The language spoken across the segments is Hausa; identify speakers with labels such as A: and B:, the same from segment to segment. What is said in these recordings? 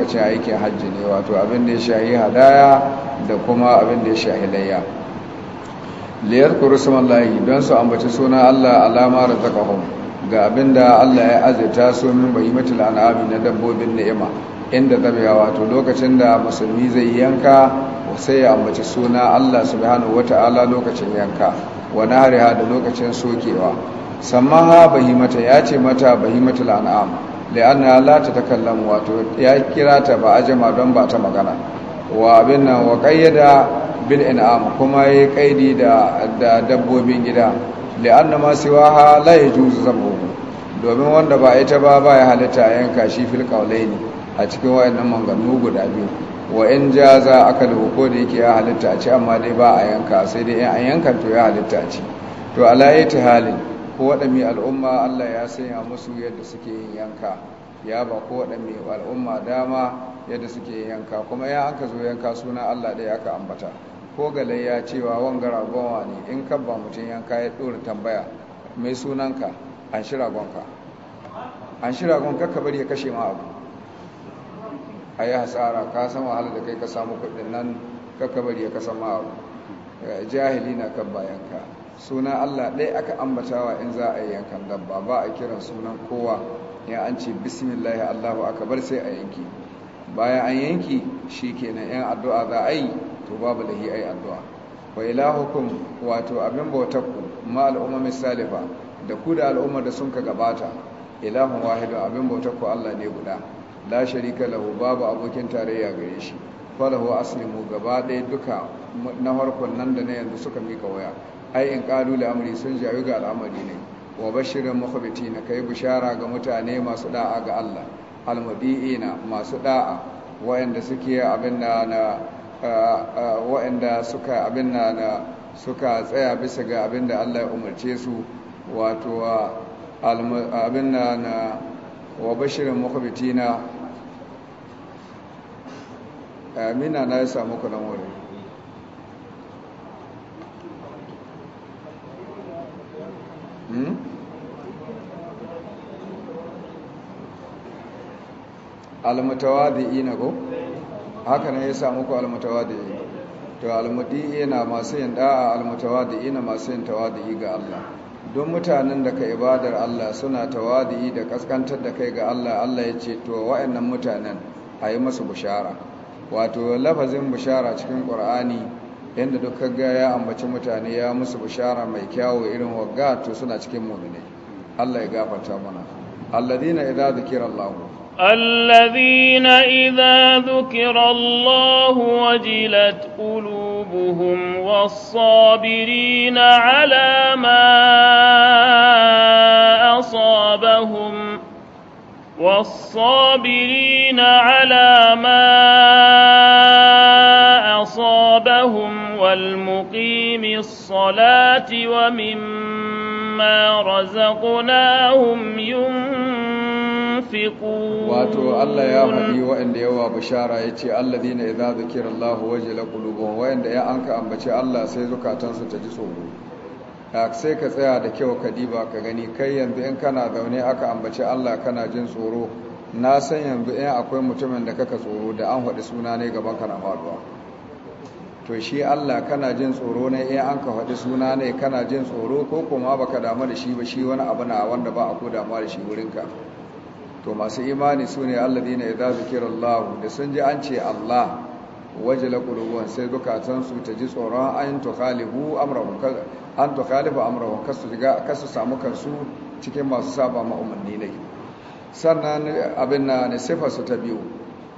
A: lokacin aikin hajji ne wato abin da ya shahi hadaya da kuma abin da ya shahi layya liyar kurusuman layi don su ambaci suna allah alama da zakahun ga abin da allah ya azita su min bahimatul an'ami na dabbobin ni'ima inda zabiya wato lokacin da musulmi zai yanka sai ya ambaci suna allah subhanahu wata'ala lokacin yanka wa nahariha da lokacin sokewa sammaha bahimata ya ce mata bahimatul an'am da an la ta kallon wato ya kira ta ba jama don ba ta magana wa abin nan wa qayyada bil in'am kuma ya kaidi da da dabbobin gida da an ma siwaha la yajuzu zabu domin wanda ba ita ba ba ya halitta yanka shi fil ne. a cikin nan manganu guda biyu wa in ja za aka ko da yake ya halitta a ci amma dai ba a yanka sai dai an yanka to ya halitta a ci to ta halin ko waɗanne al'umma Allah ya sanya musu yadda suke yin yanka ya ba ko waɗanne al'umma dama yadda suke yin yanka kuma ya an ka zo yanka suna Allah ɗaya aka ambata ko galai ya cewa wanga ragonwa ne in kan ba mutum yanka ya ɗora tambaya mai sunanka an shira gonka an shira gonka ka bari ya kashe ma abu a yi hasara ka san wahala da kai ka samu kuɗin nan ka bari ya kasa ma abu eh, jahili na kan bayanka suna Allah ɗaya aka ambatawa in za a yi yankan dabba ba a kiran sunan kowa ya an ce bismillahi Allahu Aka bar sai a yanki bayan an yanki shi na yan addu'a za a yi to babu lahi ai addu'a wa ilahukum wato abin bautarku ma al'ummar salifa da ku da al'ummar da sun ka gabata ilahun wahidu abin ku Allah ne guda la sharika lahu babu abokin tarayya gare shi falahu aslimu gaba ɗaya duka na farkon nan da na yanzu suka mika waya ai in kalu da amri sun jayu ga al'amari ne wa bashirin makwabiti na kai bishara ga mutane masu da'a ga Allah almudi'ina masu da'a wa'anda suke abin da na wa'anda suka abin da na suka tsaya bisa ga abin da Allah ya umarce su wato abin da na wa bashirin makwabiti na mina na ya samu kudan wurin Hmm? almutawadi na ko haka ne ya samu ku almutawadi to almudi na masu yin da'a almutawadi na masu yin tawadi ga Allah don mutanen da ka ibadar Allah suna tawadi da kaskantar da kai ga Allah Allah ya ce to wa'annan mutanen a yi masu bushara wato lafazin bushara cikin ƙur'ani inda duk kaga ya ambaci mutane ya musu bishara mai kyawu irin wagga to suna cikin mu'minai Allah ya gafarta mana alladina idza zikrallahu
B: الذين إذا ذكر الله وجلت قلوبهم والصابرين على ما أصابهم والصابرين على ما أصابهم نصابهم والمقيم الصلاة ومما رزقناهم
A: ينفقون واتو الله يا هدي وإن يوا بشارة يتي الذين إذا ذكر الله وجل قلوبهم وإن يا أنك أمبتي الله سيزكى تنسى تجسوه sai ka tsaya da kyau ka diba ka gani kai yanzu in kana zaune aka ambaci Allah kana jin tsoro na san yanzu in akwai mutumin da kaka tsoro da an haɗu suna ne gaban kana faɗuwa to shi Allah kana jin tsoro ne in eh, an ka faɗi suna ne kana jin tsoro ko kuma baka damu da shi ba shi wani abu na wanda ba a ko damuwa da shi wurinka to masu imani sune ne alladina idza zikirallahu da sun ji an ce Allah wajala qulubun sai zukatan su ta ji tsoron an amrahu ka an amrahu ka kasu ga su samu kansu cikin masu saba ma ne sannan abin na ne su ta biyu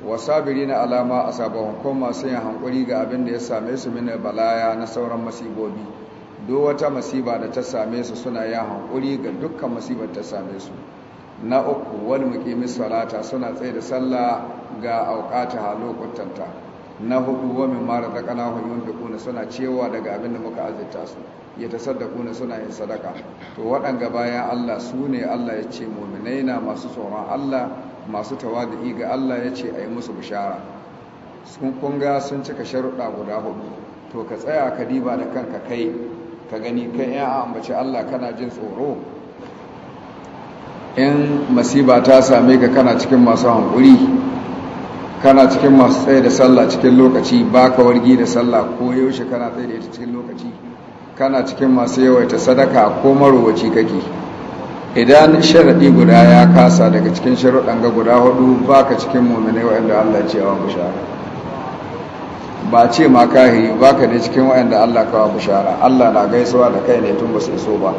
A: wasabiri na alama a sabon ko masu yin hankuri ga abin da ya same su mini balaya na sauran masibobi do wata masiba da ta same su suna yin hankuri ga dukkan masibar ta same su na uku wani mukimin salata suna tsaye da sallah ga aukata a lokutanta na hudu wani mara da kana yun da kuna suna cewa daga abin da muka azita su ya ta saddaku na suna yin sadaka to waɗanga bayan allah su ne allah ya ce muminai na masu tsoron allah masu tawadi ga Allah ya ce a yi musu bishara sun kunga sun cika sharuɗa guda hudu to ka tsaya ka diba da kanka kai ka gani kan ya ambaci Allah kana jin tsoro in masiba ta same ka kana cikin masu hankuri kana cikin masu tsaye da sallah cikin lokaci baka wargi da sallah ko yaushe kana tsaye da ita cikin lokaci kana cikin masu yawaita sadaka ko marowaci kake idan sharaɗi guda ya kasa daga cikin sharuɗan ga guda hudu ba ka cikin mummune waɗanda Allah ce wa bishara ba ce ma kahi ba ka da cikin waɗanda Allah kawo bishara Allah na gaisuwa da kai ne tun ba sai so ba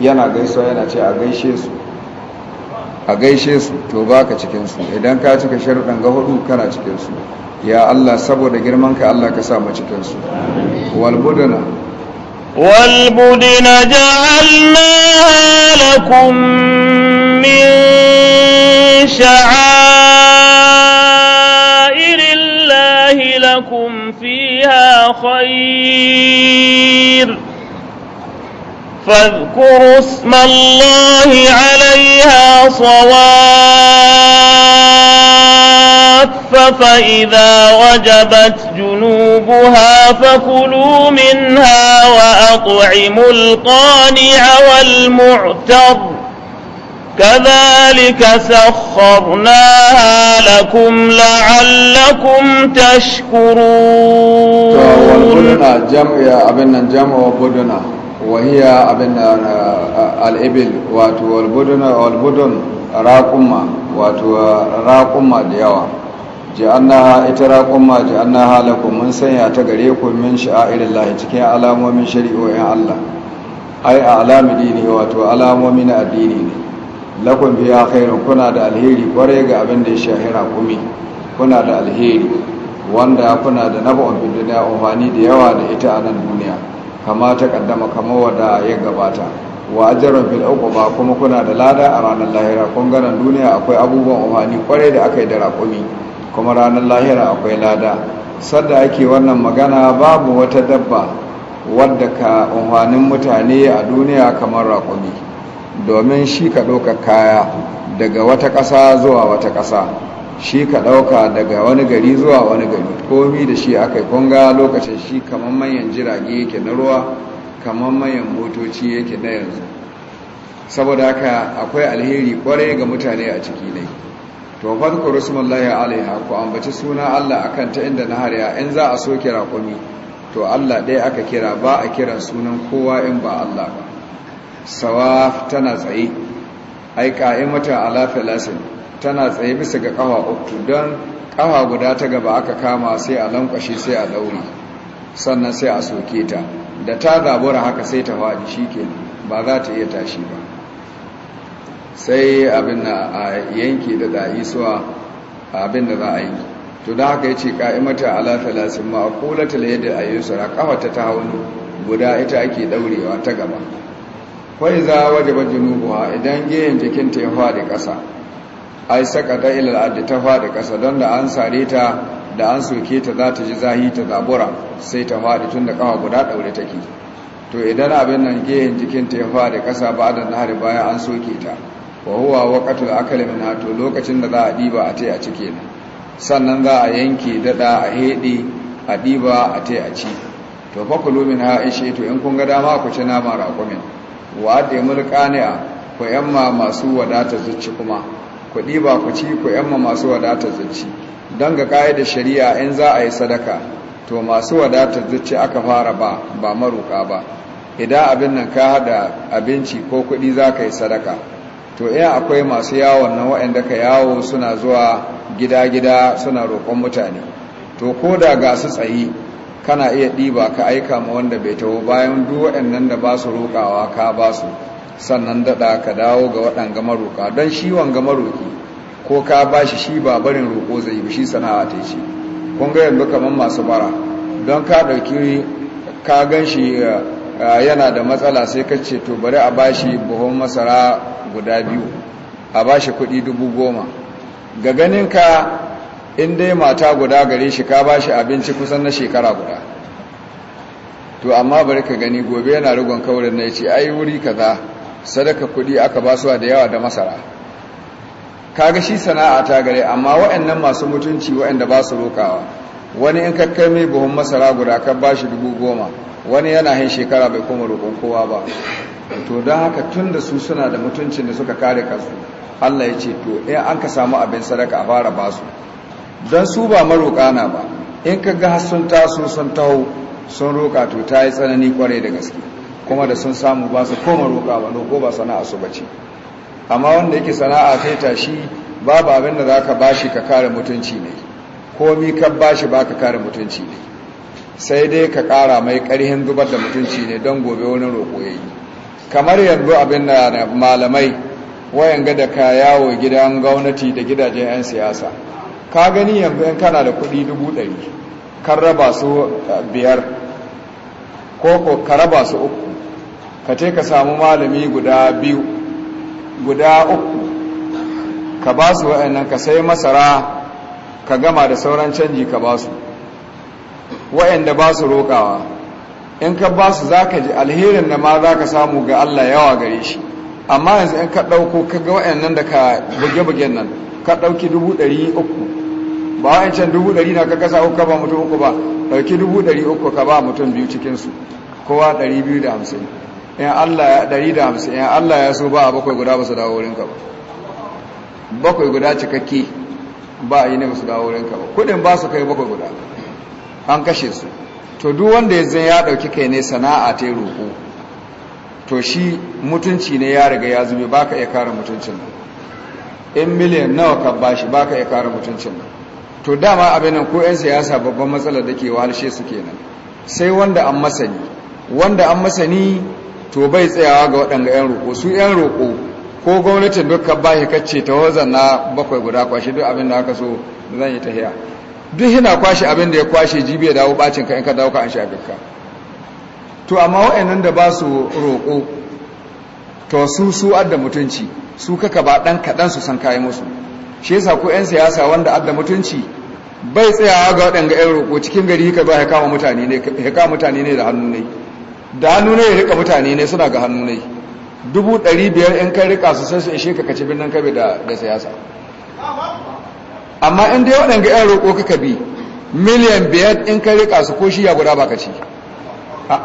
A: yana gaisuwa yana ce a gaishe su a gaishe su to ba ka cikinsu idan ka cika sharuɗan ga hudu kana cikinsu ya Allah saboda girman ka Allah ka sa mu cikinsu walbudana
B: والبدن
A: جعلناها لكم
B: من شعائر الله لكم فيها خير فاذكروا اسم الله عليها صواب الصف فإذا وجبت جنوبها فكلوا منها وأطعموا القانع والمعتر كذلك سخرناها لكم
A: لعلكم تشكرون والبدنا جمع أبنا جمع وبدنا وهي أبنا الإبل والبدن والبدن راقمة wato raƙuma da yawa ji'annaha ita raƙumma ji'annaha lakum mun sanya ta gare ku min lahi cikin alamomin shari'o'in Allah ai a alami dini wato alamomi na addini ne lakum biya khairun kuna da alheri kware ga abin da ya shahira kumi kuna da alheri wanda kuna da naba'un bin duniya amfani da yawa da ita a nan duniya kama ta kaddama kama wada ya gabata wa ajrun bil uquba kuma kuna da lada a ranar lahira kun ganan duniya akwai abubuwan amfani kware da aka yi da raƙumi kuma ranar lahira akwai lada sadda ake wannan magana babu wata dabba wadda ka unhwanin mutane a duniya kamar rakumi domin shi ka ɗauka kaya daga wata ƙasa zuwa wata ƙasa shi ka ɗauka daga wani gari zuwa wani gari komi da shi aka yi kunga lokacin shi kamar manyan jirage yake na ruwa kamar manyan motoci yake na yanzu saboda aka akwai alheri kwarai ga mutane a ciki ne to farko rusmullahi alaiha ku ambaci suna Allah akan ta inda na hariya in za a soke raƙumi to Allah ɗaya aka kira ba a kiran sunan kowa in ba Allah ba sawa tana tsaye ai qa'imatan ala filasin tana tsaye bisa ga ƙawa uku don ƙawa guda ta gaba aka kama sai a lankwashe sai a dauri sannan sai a soke ta da ta zabura haka sai ta faɗi ke, ba za ta iya tashi ba sai abin da a yanki da za yi suwa abin da za a yi to da haka ya ce ka'imata ala talasin ma a kula talayyada a kawata ta hauni guda ita ake daurewa ta gaba kwai za waje ba junubuwa idan jikin jikinta ya faɗi ƙasa ai saka ta ilal adda ta faɗi ƙasa don da an sare ta da an soke ta za ta ji zahi ta zabura sai ta faɗi tun da kawa guda ɗaure take to idan abin nan jikin jikinta ya faɗi ƙasa ba da nahari bayan an soke ta wa huwa waqatul akali minha to lokacin da za a diba a tai a cike ne sannan za a yanke dada a hede a diba a tai a ci to fa kulu minha ishe to in kun ga dama ku ci nama raƙumin wa adimul qani'a ku yamma masu wadata zuci kuma ku diba ku ci ku yamma masu wadata zuci dan ga kaidar shari'a in za a yi sadaka to masu wadata zuci aka fara ba ba maruka ba idan abin nan ka hada abinci ko kuɗi za ka yi sadaka to iya akwai masu yawon nan waɗanda ka yawo suna zuwa gida-gida suna roƙon mutane to ko da ga su tsayi kana iya ɗiba ka aika ma wanda bai taho bayan duk waɗannan da ba su roƙawa ka ba su sannan daɗa ka dawo ga waɗanga maroƙa don shi wanga maroƙi ko ka ba shi shi ba barin roƙo zai yi shi sana'a ta ce kun ga yanzu kamar masu bara don ka ɗauki ka gan shi eh, eh, yana da matsala sai ka ce to bari a ba shi buhun masara guda biyu a ba shi kuɗi dubu goma ga ka in dai mata guda gare shi ka ba shi abinci kusan na shekara guda to amma bari ka gani gobe yana rigon kaurin na ya ce ai wuri kaza sadaka kuɗi aka ba su da yawa da masara Ka ga shi sana'a ta gare amma waɗannan masu mutunci waɗanda ba su rokawa wani in kakkai mai buhun masara guda ka ba shi dubu goma wani yana hin shekara bai kuma roƙon kowa ba to don haka tun da su suna da mutuncin da suka kare kasu Allah ya ce to in an ka samu abin sadaka a fara ba su don su ba maroƙa na ba in ka ga sun taso sun taho sun roƙa to ta yi tsanani kwarai da gaske kuma da sun samu ba su koma roƙa ba loko ba sana'a su bace amma wanda yake sana'a sai tashi babu abin da za ka bashi ka kare mutunci ne komi ka bashi ba ka kare mutunci ne sai dai ka kara mai ƙarhin zubar da mutunci ne don gobe wani roƙo ya yi kamar yanzu abin da malamai wayan ga da ka yawo gidan gwamnati da gidajen 'yan siyasa ka gani yanzu yan kana da kudi dubu ɗari karraba raba su eh, biyar ko ko ka raba su uku ka ce ka samu malami guda biyu guda uku ka ba su wa'annan ka sai masara ka gama da sauran canji ka ba su wa'anda ba su roƙawa in ka ba su za ka ji alherin da ma za ka samu ga Allah yawa gare shi amma yanzu in ka ɗauko ka ga nan da ka buge-bugen nan ka ɗauki dubu ɗari uku ba can dubu ɗari na ka kasa uku ka ba mutum uku ba ɗauki dubu ɗari uku ka ba mutum biyu cikinsu kowa ɗari biyu da hamsin in Allah ya ɗari da hamsin yan Allah ya so ba a bakwai guda ba su dawo wurin ka ba bakwai guda cikakke ba a yi ne ba su dawo wurin ka ba kuɗin ba su kai bakwai guda an kashe su to duk wanda ya zai ya dauki kai ne sana'a ta roƙo to shi mutunci ne ya riga ya zube ba ka iya kare mutuncin nan in miliyan nawa ka bashi ba ka iya kare mutuncin nan to dama abin nan ko 'yan siyasa babban matsalar da ke wahalshe su kenan sai wanda an masani wanda an masani to bai tsayawa ga waɗanda 'yan roƙo su 'yan roƙo ko gwamnatin duk ka bashi kacce ta wazan na bakwai guda kwashi duk abin da aka so zan yi tahiya duk yana kwashe abin da ya kwashe jibi ya dawo bacin ka in ka dawo ka an to amma wa'annan da ba su roƙo to su su adda mutunci su kaka ba ɗan kaɗan su san kayan musu shi yasa ko 'yan siyasa wanda adda mutunci bai tsayawa ga waɗanga 'yan roƙo cikin gari ka ba ya kama mutane ne da hannu ne da hannu ne ya rika mutane ne suna ga hannu ne dubu ɗari biyar in kai rika su sai su ishe ka kaci birnin kabe da siyasa amma in dai waɗanga 'yan roƙo kaka bi miliyan biyar in ka riƙa su ko shi ya guda baka ci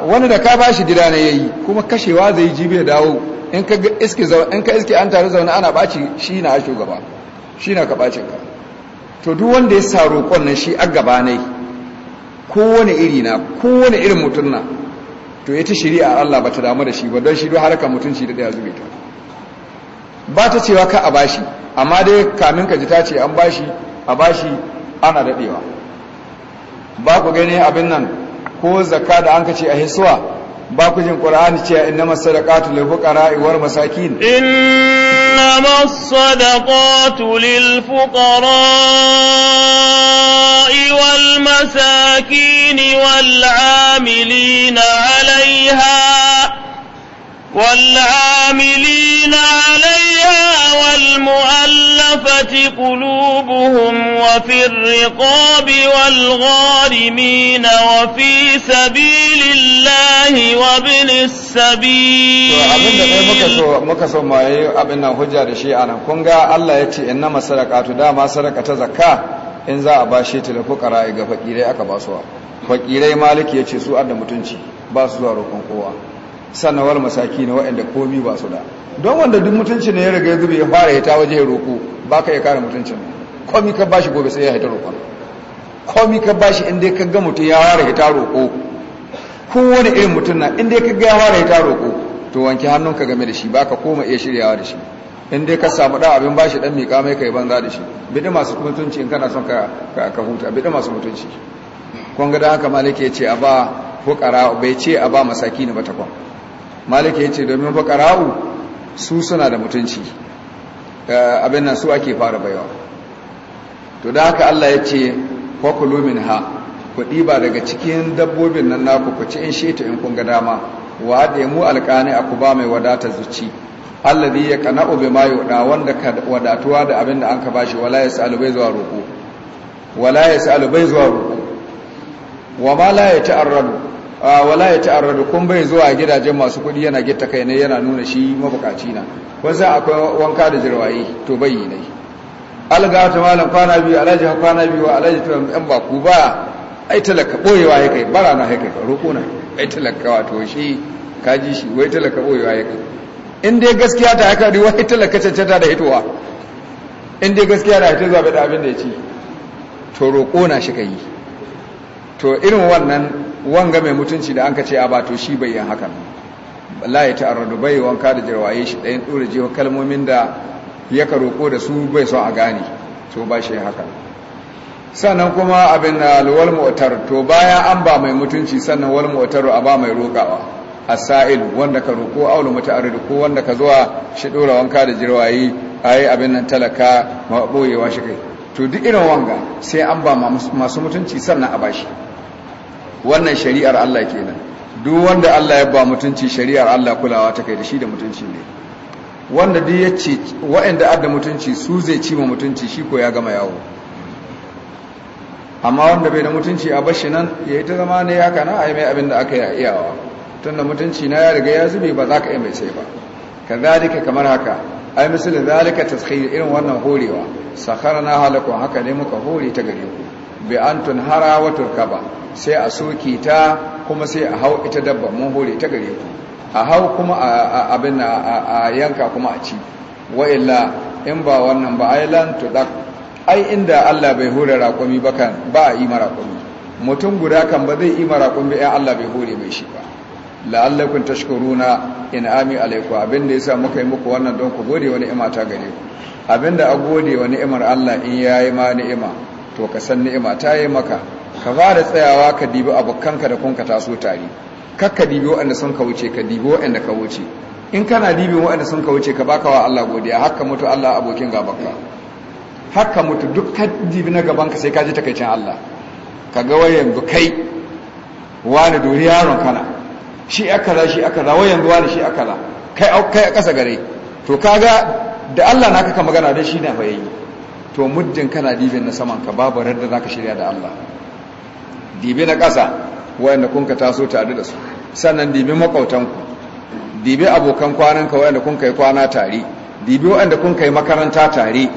A: wani da ka ba shi gida na yayi kuma kashewa zai ji ya dawo in ka iske in ka iske an tare zaune ana ɓaci shi na shugaba shi na ka ɓacin ka to duk wanda ya sa roƙon nan shi a gaba ne kowane iri na kowane irin mutum na to ya ta shari'a Allah ba ta damu da shi ba don shi duk harkar mutunci da ya zube ta ba ta cewa ka a bashi amma dai kamin ka ji ta ce an bashi a bashi ana daɗewa ba ku gani abin nan ko zakka da an ka ce a hisuwa ba ku jin ƙura'ani ce inna ƙatu lil fuqara iwar masakin inna masadaqatu lil fuqara
B: wal masakin wal amilina alaiha والعاملين عليها والمؤلفة قلوبهم وفي الرقاب والغارمين وفي سبيل الله وابن السبيل
A: abin da dai muka so ma abin nan hujja da shi anan kun ga Allah ya ce innama sadaqatu dama sadaka ta zakka in za a bashe ta da fuqara ga fakirai aka basuwa fakirai maliki ya ce su adda mutunci ba su zuwa roƙon kowa sanawar masaki na waɗanda komi ba su da don wanda duk mutunci ne ya riga ya zube ya fara ya ta waje ya roƙo ba ka ya kare mutuncin komi ka bashi gobe sai ya haita roƙon komi ka bashi inda ka ga mutum ya fara ya ta roƙo kowane irin mutum na inda ka ga ya fara ya ta roƙo to wanke hannunka game da shi ba ka koma iya shiryawa da shi inda ka samu ɗan abin bashi ɗan miƙa mai kai banza da shi da masu mutunci in kana son ka ka huta da masu mutunci kun ga da haka maliki ya ce a ba fukara bai ce a ba masaki ne ba ta kwan maliki ya ce domin fakara'u su suna da mutunci abin nan su ake fara baiwa to da haka Allah ya ce kwakulu min ha ku ɗiba daga cikin dabbobin nan naku ku ci in shaita in kun ga dama wa da mu alƙani a ku ba mai wadata zuci zai ya kana obi ma yuda wanda ka wadatuwa da abin da an ka bashi wala yasalu bai zuwa roko wala yasalu bai zuwa roko wa ma la yata'arradu wala ya ta'arradu kun bai zuwa gidajen masu kuɗi yana gitta kai ne yana nuna shi mabukaci na wasa akwai wanka da jirwaye to bai ne alga ta malam kwana biyu alaji kwana biyu alaji ta ɗan ba ku ba ai talaka boyewa ya kai bara na ya roko na ai talaka wato shi kaji shi wai talaka boyewa ya kai in dai gaskiya ta haka wai talaka cancanta da hitowa in dai gaskiya da hito zaɓe da abin da ya to roko na shi ka yi to irin wannan wanga mai mutunci da an ka ce a ba to shi bai hakan la ya ta'arradu bai wanka da jirwaye shi ɗayan ɗora jiwa kalmomin da ya ka roƙo da su bai son a gane to ba shi hakan. sannan kuma abin da ah, alwal mu'tar to bayan an ba mai mutunci sannan wal mu'tar a ba mai roƙawa asail wanda ka roƙo aulu muta'arrid ko wanda ka zuwa shi ɗora wanka da jirwaye yi abin nan talaka ma boyewa shi kai to duk irin wanga sai an ba masu mutunci sannan a ba shi. wannan shari'ar Allah kenan duk wanda Allah ya ba mutunci shari'ar Allah kulawa ta kai da shi da mutunci ne wanda duk ya ce waɗanda adda mutunci su zai ci ma mutunci shi ko ya gama yawo amma wanda bai da mutunci a bashi nan ya yi ta zama ne ya kana a yi mai abin da aka yi iyawa tunda mutunci na ya riga ya zube ba za ka yi mai sai ba ka zalika kamar haka ai misali zalika taskhir irin wannan horewa na halakum haka ne muka hore ta gare ku bi an hara wa turkaba sai a soke ta kuma sai a hau ita dabba mun hore ta gare ku a hau kuma abin a yanka kuma a ci wa'illa in ba wannan ba island to dak ai inda Allah bai hore raƙumi ba kan ba a yi maraƙumi mutum guda kan ba zai yi maraƙumi ba ya Allah bai hore mai shi ba la'allakun tashkuruna in ami alaiku abinda yasa muka yi muku wannan don ku gode wani ni'ima ta gare ku abinda a gode wa ni'imar Allah in yayi ma ni'ima to ka san ni'ima ta yi maka ka ba da tsayawa ka dibi abokanka da kunka taso tare kakka dibi waɗanda sun ka wuce ka dibi waɗanda ka wuce in kana dibin waɗanda sun ka wuce ka baka wa Allah godiya haka mutu Allah abokin gabanka haka mutu ka dibi na gabanka sai ka ji takaicin Allah ka ga wayan kai wani duri yaron kana shi za shi akala wayan wani shi za kai kai a ƙasa gare to kaga da Allah naka ka magana da shi na fayayi to muddin kana dibin na saman ka babu radda zaka shirya da Allah dibi na ƙasa wayanda kun ka taso tare da su sannan dibi makwautanku dibi abokan kwananka wayanda kun kai kwana tare dibi wayanda kun kai makaranta tare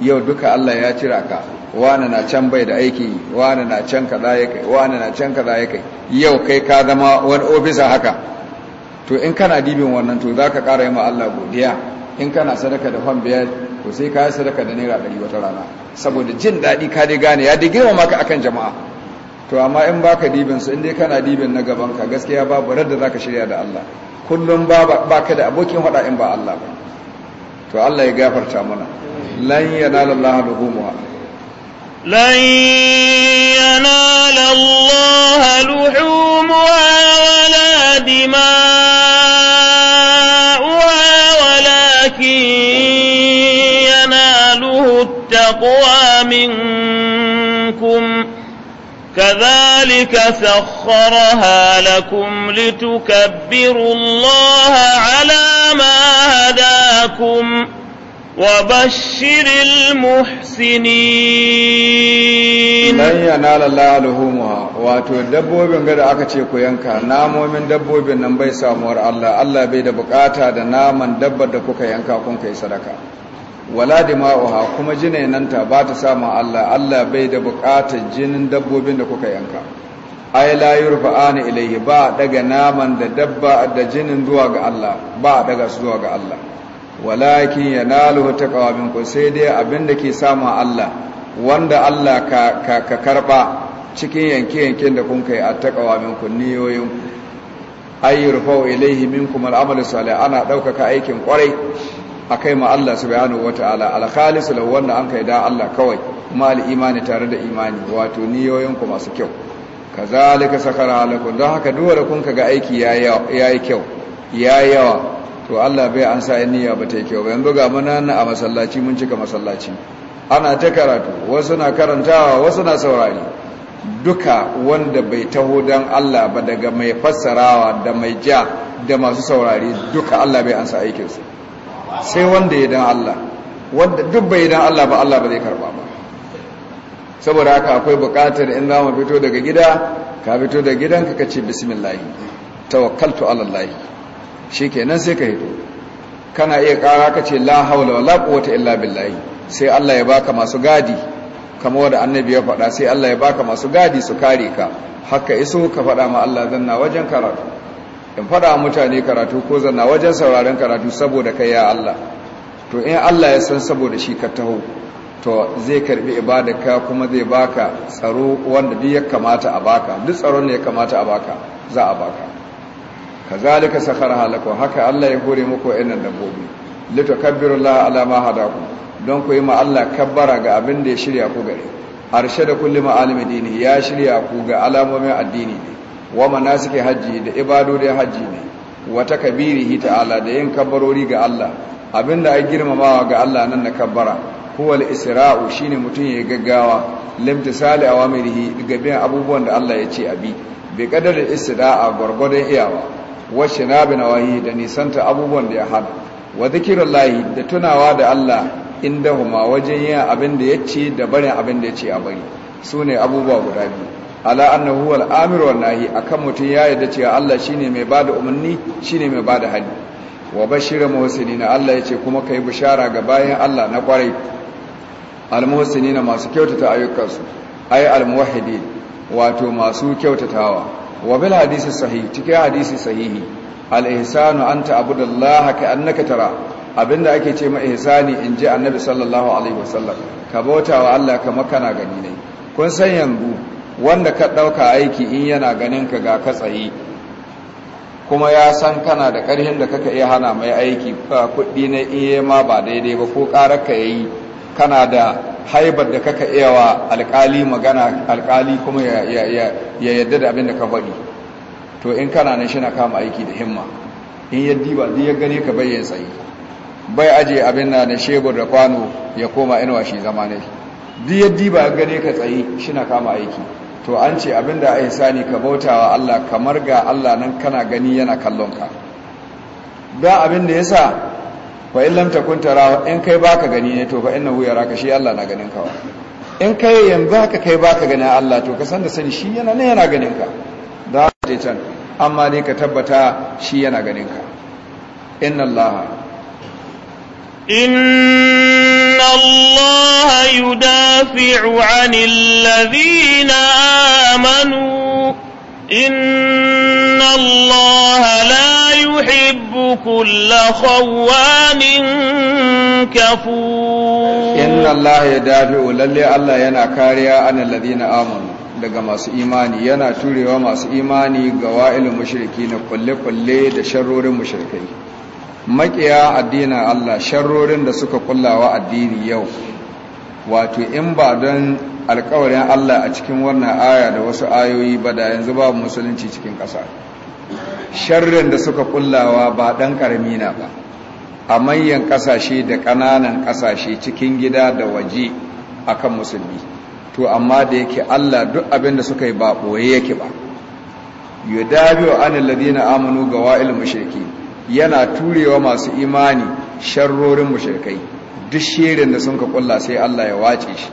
A: yau duka Allah ya cira ka wani na can bai da aiki wani na can kaza ya kai wani na can kaza ya kai yau kai ka zama wani ofisa haka to in kana dibin wannan to za ka ƙara yi ma Allah godiya in kana sadaka da fan biyar to sai ka yi sadaka da naira ɗari wata rana saboda jin daɗi ka dai gane ya dai girma maka akan jama'a to amma in ka dibin su in dai kana dibin na gaban ka gaskiya babu radda ka shirya da Allah kullum ba ka da abokin hada in ba Allah ba to Allah ya gafarta mana lan yanalallahu luhumuha لن
B: ينال الله لحومها ولا دماؤها ولكن يناله التقوى كذلك سخرها لكم لتكبروا الله على ما هداكم
A: وبشر المحسنين lan yanala la luhumha wato dabbobin gada aka ce ku yanka namomin dabbobin nan bai samuwar Allah Allah bai da bukata da naman dabbar da kuka yanka kun kai sadaka wala dima'uha kuma jinainanta ba ta samu Allah Allah bai da bukatar jinin dabbobin da kuka yanka Ai la yurfa'ani ilayhi ba daga naman da dabba da jinin zuwa ga Allah ba daga su zuwa ga Allah walakin yanaluhu taqwa ku sai dai abinda ke samu Allah wanda Allah ka ka, karba cikin yanke yanken da kun kai a taqwa ku niyoyin ay yurfa'u ilayhi minkum al-amalu salih ana ɗaukaka aikin kwarai a kai ma Allah subhanahu wata'ala alkhalisu lahu wanda an kai da Allah kawai kuma imani tare da imani wato niyoyinku masu kyau kazalika sakara lakum don haka duwar kun ga aiki yayi kyau yayi yawa to Allah bai an sa niyya ba ta kyau bayan buga mana a masallaci mun cika masallaci ana ta karatu wasu na karantawa wasu na saurari duka wanda bai taho dan Allah ba daga mai fassarawa da mai ja da masu saurari duka Allah bai an sa su sai wanda ya dan Allah wanda duk bai dan Allah ba Allah ba zai karba ba saboda haka akwai bukatar in za fito daga gida ka fito daga gidanka ka ce bismillah tawakkaltu ala Allah shikenan sai ka hito kana iya kara ka ce la wa la quwwata illa billah sai Allah ya baka masu gadi kamar wanda annabi ya faɗa sai Allah ya baka masu gadi su kare ka haka iso ka faɗa ma Allah zanna wajen karatu in fada mutane karatu ko zanna wajen sauraren karatu saboda kai ya Allah to in Allah ya san saboda shi ka taho to zai karbi ibadarka kuma zai baka tsaro wanda duk ya kamata a baka duk tsaron da ya kamata a baka za a baka kazalika sakhara halakum haka Allah ya hore muku wa'annan dabbobi litukabbirullaha ala ma hadaku don ku yi ma Allah kabbara ga abin da ya shirya ku gare harshe da kullum ma'alimi dini ya shirya ku ga alamomin addini ne wa manasiki hajji da ibadodin hajji ne wa takabirihi ta'ala da yin kabbarori ga Allah abinda ai girmamawa ga Allah nan na kabbara huwal isra'u shine mutun ya gaggawa limtisali awamirihi ga bin abubuwan da Allah ya ce abi bi kadar isra'a gurgurdan iyawa wa shinabi nawahi da nisanta abubuwan da ya hada wa zikrullahi da tunawa da Allah indahuma wajen yin abin da ya ce da barin abin da ya ce a bari sune abubuwa guda biyu ala annahu wal amir wan nahi akan mutun ya yadda cewa Allah shine mai bada umarni shine mai bada hali wa bashira muhsinina Allah yace kuma kai bishara ga bayan Allah na kwarai al muhsinina masu kyautata ayyukansu ay al muwahhidin wato masu kyautatawa wa bil hadisi sahih cikin hadisi sahihi al ihsanu anta abudallahi ka annaka tara abinda ake ce ma ihsani in ji annabi sallallahu alaihi wasallam ka bautawa Allah kamar kana gani ne kun san yanzu wanda ka ɗauka aiki in yana ganin ka ga katsayi kuma ya san kana da ƙarhin da kaka iya hana mai aiki kuɗi na iya ma ba daidai ba ko ƙarar ka yayi kana da haibar da kaka iya wa alƙali magana alƙali kuma ya yadda da abin da ka faɗi to in kana na shi na kama aiki da himma in yaddi ba zai ya gane ka bayyan tsayi bai aje abin na da shebur da kwano ya koma inuwa shi zama ne duk yaddi ba ya gane ka tsayi shi na kama aiki to an ce abinda a ihsani ka bautawa Allah kamar ga Allah nan kana gani yana kallon ka don abin da yasa fa in lam takun tarahu in kai baka gani ne to fa innahu yaraka shi Allah na ganin ka in kai yanzu haka kai baka gani Allah to ka san da sani shi yana ne yana ganin ka da ce can amma ne ka tabbata shi yana ganin ka inna Allah
B: إن الله يدافع عن الذين آمنوا إن الله لا يحب كل خوان
A: كفور إن الله يدافع للي الله ينا كاريا عن الذين آمنوا daga masu imani yana turewa masu imani ga wa'ilin mushriki na kulle-kulle da sharrorin mushrikai makiya addinin Allah sharrorin da suka kullawa addini yau wato in ba don alkawarin Allah a cikin wannan aya da wasu ayoyi ba da yanzu babu musulunci cikin ƙasa sharrin da suka kullawa ba ɗan ƙarami na ba a manyan ƙasashe da ƙananan ƙasashe cikin gida da waje akan musulmi to amma da yake Allah duk abin da suka yi ba ɓoye yake ba yudabi'u anil ladina amanu gawa'il mushrikin yana turewa masu imani sharrorin mushirkai duk shirin da sun ka kulla sai Allah ya wace shi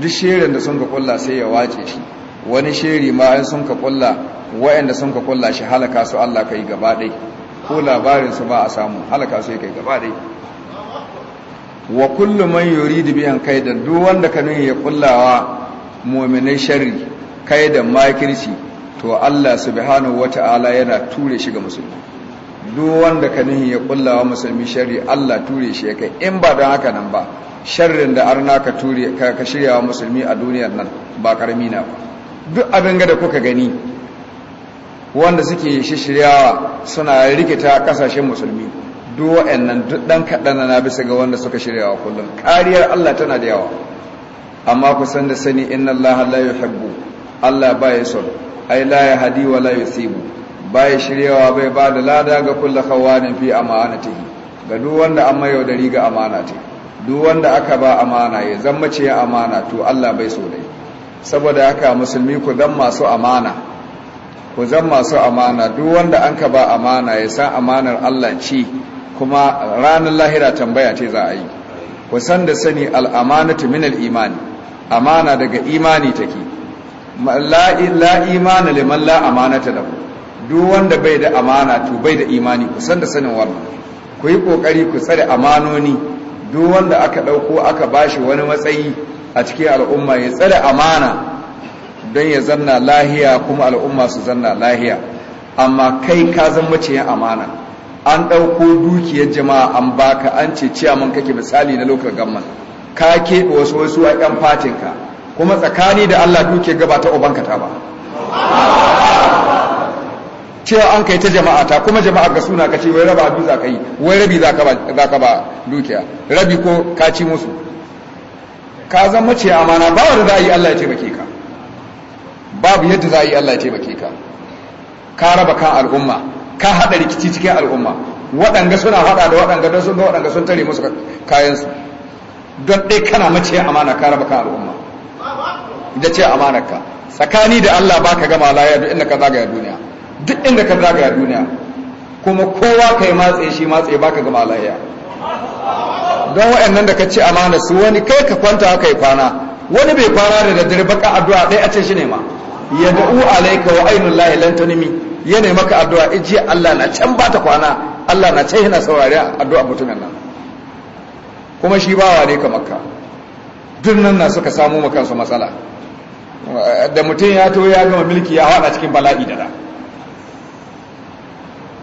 A: duk shirin da sun ka kulla sai ya wace shi wani shiri ma ai sun ka kulla wayanda sun ka kulla shi halaka su Allah kai gaba dai ko labarin su ba a samu halaka su kai gaba dai wa kullu man yuridu an kaidan duk wanda ka ya kullawa mu'minai sharri kaidan makirci to Allah subhanahu wata'ala yana ture shi ga musulmi duk wanda ka nihin ya kullawa musulmi shari Allah ture shi ya kai in ba don haka nan ba sharrin da arna ka ture ka shirya wa musulmi a duniyar nan ba karami na ba duk abin gada kuka gani wanda suke shi shiryawa suna rikita kasashen musulmi duk wa'annan duk dan kaɗan na bisa ga wanda suka shiryawa kullum kariyar Allah tana da yawa amma kusan da sani inna Allah la yuhibbu Allah ba ya son ai la yahdi wa la baya shiryawa bai ba da lada ga kulla kawanin fi amanatihi ga duk wanda an mayaudari ga amana ta duk wanda aka ba amana ya zama ce amana to Allah bai so dai saboda haka musulmi ku zan masu amana ku zan masu amana duk wanda an ka ba amana ya san amanar Allah ce kuma ranar lahira tambaya ce za a yi ku san da sani al'amanatu min al'imani amana daga imani take la imani liman la amanata ku duk wanda bai da amana to bai da imani ku san da sanin wannan ku yi kokari ku tsare amanoni duk wanda aka dauko aka bashi wani matsayi a cikin al'umma ya tsare amana don ya zanna lahiya kuma al'umma su zanna lahiya amma kai ka zan maciyin amana an dauko dukiyar jama'a an baka an ce mun kake misali na lokacin gamman ka keɓe wasu wasu a 'yan fatinka kuma tsakani da allah dukiyar gaba ta ubanka ta ba cewa an kai ta jama'a ta kuma jama'a ga suna ka ce wai raba abu za ka yi wai rabi za ka ba dukiya rabi ko ka ci musu ka zama ce amana ba wanda za a yi Allah ya taimake ka babu yadda za a yi Allah ya taimake ka ka raba kan al'umma ka haɗa rikici cikin al'umma waɗanga suna haɗa da waɗanga don sun ga waɗanga sun tare musu kayansu don ɗai kana mace amana ka raba kan al'umma da ce ka? tsakani da Allah baka gama layar duk inda ka zagaya duniya duk inda ka zagaya duniya kuma kowa kai matse shi ba baka gama lahiya don waɗannan da ka ce amana su wani kai ka kwanta yi kwana wani bai kwana da daddare baka addu'a ɗaya a ce shi ne ma ya da'u alaika wa ainul lahi lan ya ne maka addu'a iji Allah na can ba ta kwana Allah na can yana saurari addu'a mutumin nan kuma shi bawa ne ka makka duk nan na suka samu makansu matsala da mutum ya to ya gama milki, ya haɗa cikin bala'i da da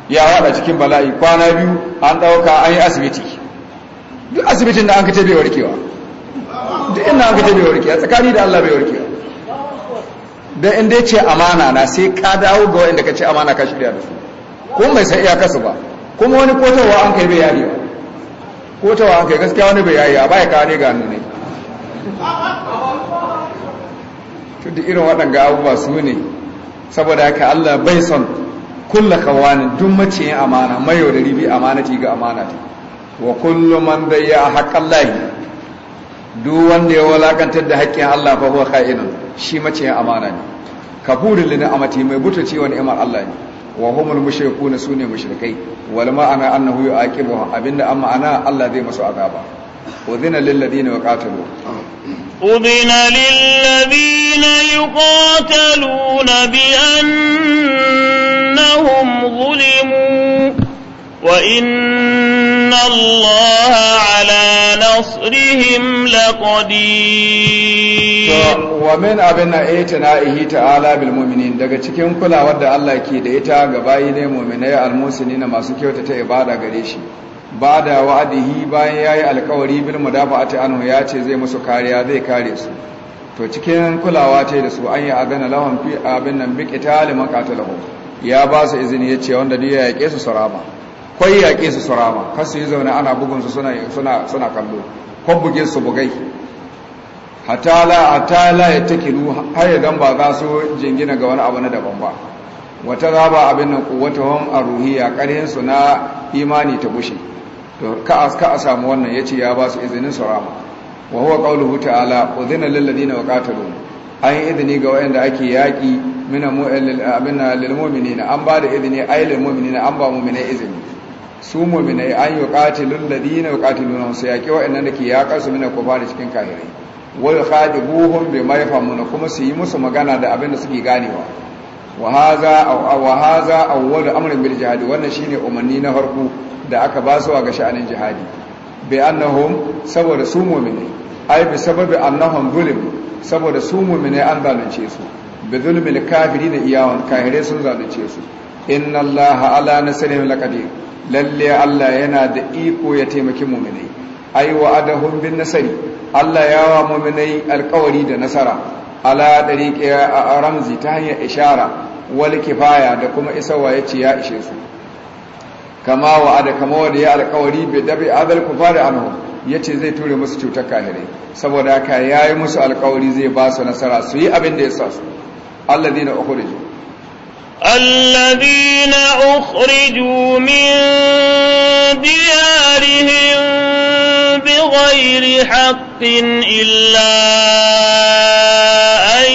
A: ya wada cikin bala'i kwana biyu an dauka an yi asibiti duk asibitin da an kace bai warkewa duk inda an kace bai warkewa tsakani da Allah bai warkewa dan inda yace amana na sai ka dawo ga wanda kace amana ka shirya da su ko mai sai iya kasu ba kuma wani kotawa an kai bai yayi kotawa an kai gaskiya wani bai yayi ba ya ne ga hannu ne to duk irin waɗanda abubuwa su ne saboda haka Allah bai son kulla kawanin duk maciyin amana mai ribi amana amanati ga amanati wa kullu man bayya haƙƙan lahi duk wanda ya walakantar da haƙƙin Allah fa huwa kha'inun shi maciyin amana ne kafurin a amati mai ce wani imar Allah ne wa humul mushrikuna sune mushrikai wal ma'ana annahu yu'aqibuhum abinda amma ana Allah zai masu azaba udhina lil ladina waqatalu
B: أذن للذين يقاتلون بأنهم
C: ظلموا
B: وإن الله على نصرهم لقدير
A: ومن أبنى إيتنائه تعالى بالمؤمنين daga cikin kulawar da Allah ke da ita ga bayi ne mu'minai almusinina masu kyautata ibada gare shi ba da wa'adihi bayan ya yi alkawari madafa a ta’anu ya ce zai musu kariya zai kare su to cikin kulawa ce da su an yi adana lawan fi abin nan bi qital maqatalahu ya ba su izini ya ce wanda ya yaƙe su sarama kai yaƙe su sarama kar su yi zaune ana bugun su suna kallo kwan su bugai hatala ya take har ba za su jingina ga wani abu na daban ba wata zaba abin nan kuwatahum a ruhiya karhin su na imani ta bushe to ka a samu wannan ce ya ba su izinin sarama wa huwa qawluhu ta'ala na lil ladina a an izini ga wayanda ake yaƙi mina mu'allil eh, na an ba da izini yi lil na an ba mu'minai izini su mu'minai an na ladina waqatiluna su yaƙi wayannan ke yaƙar su mina da cikin kafirai wal bai mai famuna kuma su yi musu magana da abin da suke ganewa Wahaza haza awwalu amrin bil jihad wannan shine umarni na farko da aka ba su ga sha'anin jihadi bi annahum saboda su mu'mini ai bi sababi annahum zulim saboda su mu'mini an zalunce su bi zulmil kafirin iyawan kahire sun zalunce su inna allaha ala nasrin laqadir lalle allah yana da iko ya taimaki mu'minai ai adahum bin nasri allah ya wa mu'minai alƙawari da nasara ala a ramzi ta hanyar ishara wal kifaya da kuma isawa yace ya ishe su kama wa'ada kama da ya alƙawari bi dabi adal kufari anhu yace zai ture musu cutar kahirai saboda haka yayi musu alkawari zai ba su nasara su yi abin da ya sa su alladina ukhriju
B: alladina ukhriju min diyarihim بغير حق إلا أن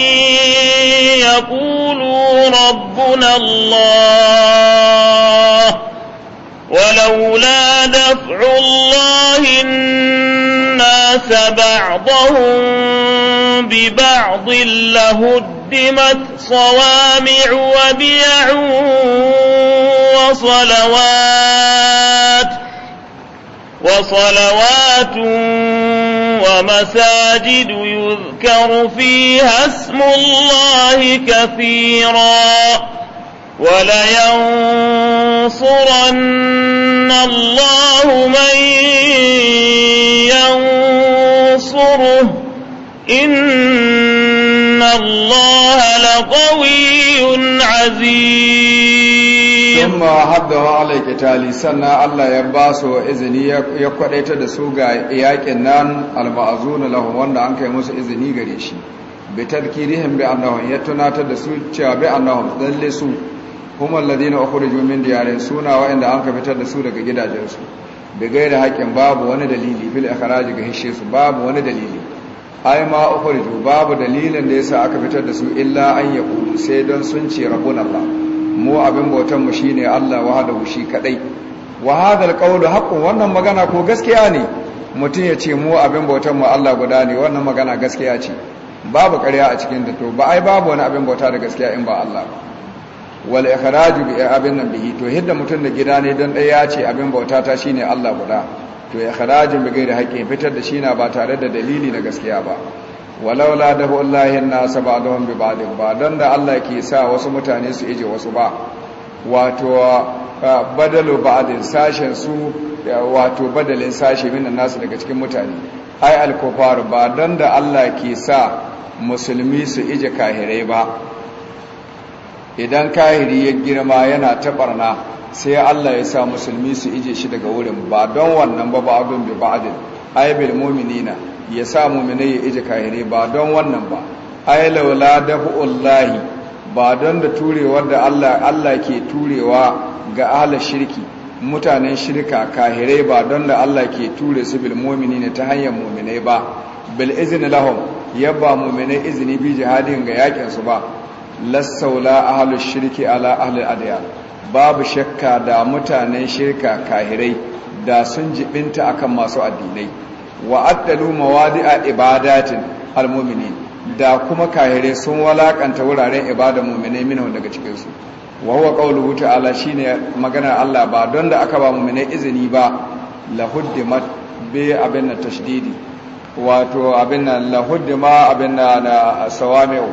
B: يقولوا ربنا الله ولولا دفع الله الناس بعضهم ببعض لهدمت صوامع وبيع وصلوات وصلوات ومساجد يذكر فيها اسم الله كثيرا ولينصرن الله من ينصره Allah la qawiyun azim.
A: Allah ya haddawa sannan Allah ya ba su izini ya kwadaita da su ga yakin nan alba'azuna lahu wanda an kai musu izini gare shi. Bi tarkirihim bi annahum yatuna ta da su cewa bi annahum dalle su kuma alladina ukhrijum min diyarin suna wa inda an ka fitar da su daga gidajensu. su. Bi gairi haƙin babu wani dalili fil ikhraj ga hishe babu wani dalili. ai ma ukhriju babu dalilin da yasa aka fitar da su illa an yaqulu sai don sun ce rabbuna allah mu abin bautan mu shine allah wahdahu shi kadai wa hadal qawlu haqqun wannan magana ko gaskiya ne mutum ya ce mu abin bautan mu allah guda ne wannan magana gaskiya ce babu ƙarya a cikin da to ba ai babu wani abin bauta da gaskiya in ba allah ba wal ikhraju bi abin nan bihi to hidda mutun da gida ne dan dai ya ce abin bauta ta shine Allah guda to ya kharajin bi gairi haƙƙin fitar da shi na ba tare da dalili na gaskiya ba walaula da wallahi nasa ba'dhum bi ba'd ba don da Allah ke sa wasu mutane su ije wasu ba wato badalu ba'din sashen su wato badalin sashe minan nasu daga cikin mutane ai al ba don da Allah ke sa musulmi su ije kahirai ba idan kahiri ya girma yana taɓarna sai Allah ya sa musulmi su ije shi daga wurin ba don wannan ba ba'adun bi ba'adin ayyabil mu'minina ya sa mu'minai ya ije kahire ba don wannan ba Ai laula dafullahi ba don da turewar da Allah Allah ke turewa ga ahli shirki mutanen shirka kahire ba don da Allah ke ture su bil mu'minina ta hanyar mu'minai ba bil izni lahum yabba mu'minai izini bi jihadin ga yakin su ba lasaula ahli shirki ala ahli adyan babu shakka da mutanen shirka kahirai da sun jibinta akan masu addinai wa addalu mawadi'a ibadatin almu'minin da kuma kahirai sun walakanta wuraren ibada mu'minai minhu daga cikin su wa huwa qawluhu ta'ala shine maganar Allah ba don da aka ba mu'minai izini ba lahuddimat bi abin tashdidi wato abin lahuddima abin na sawami'u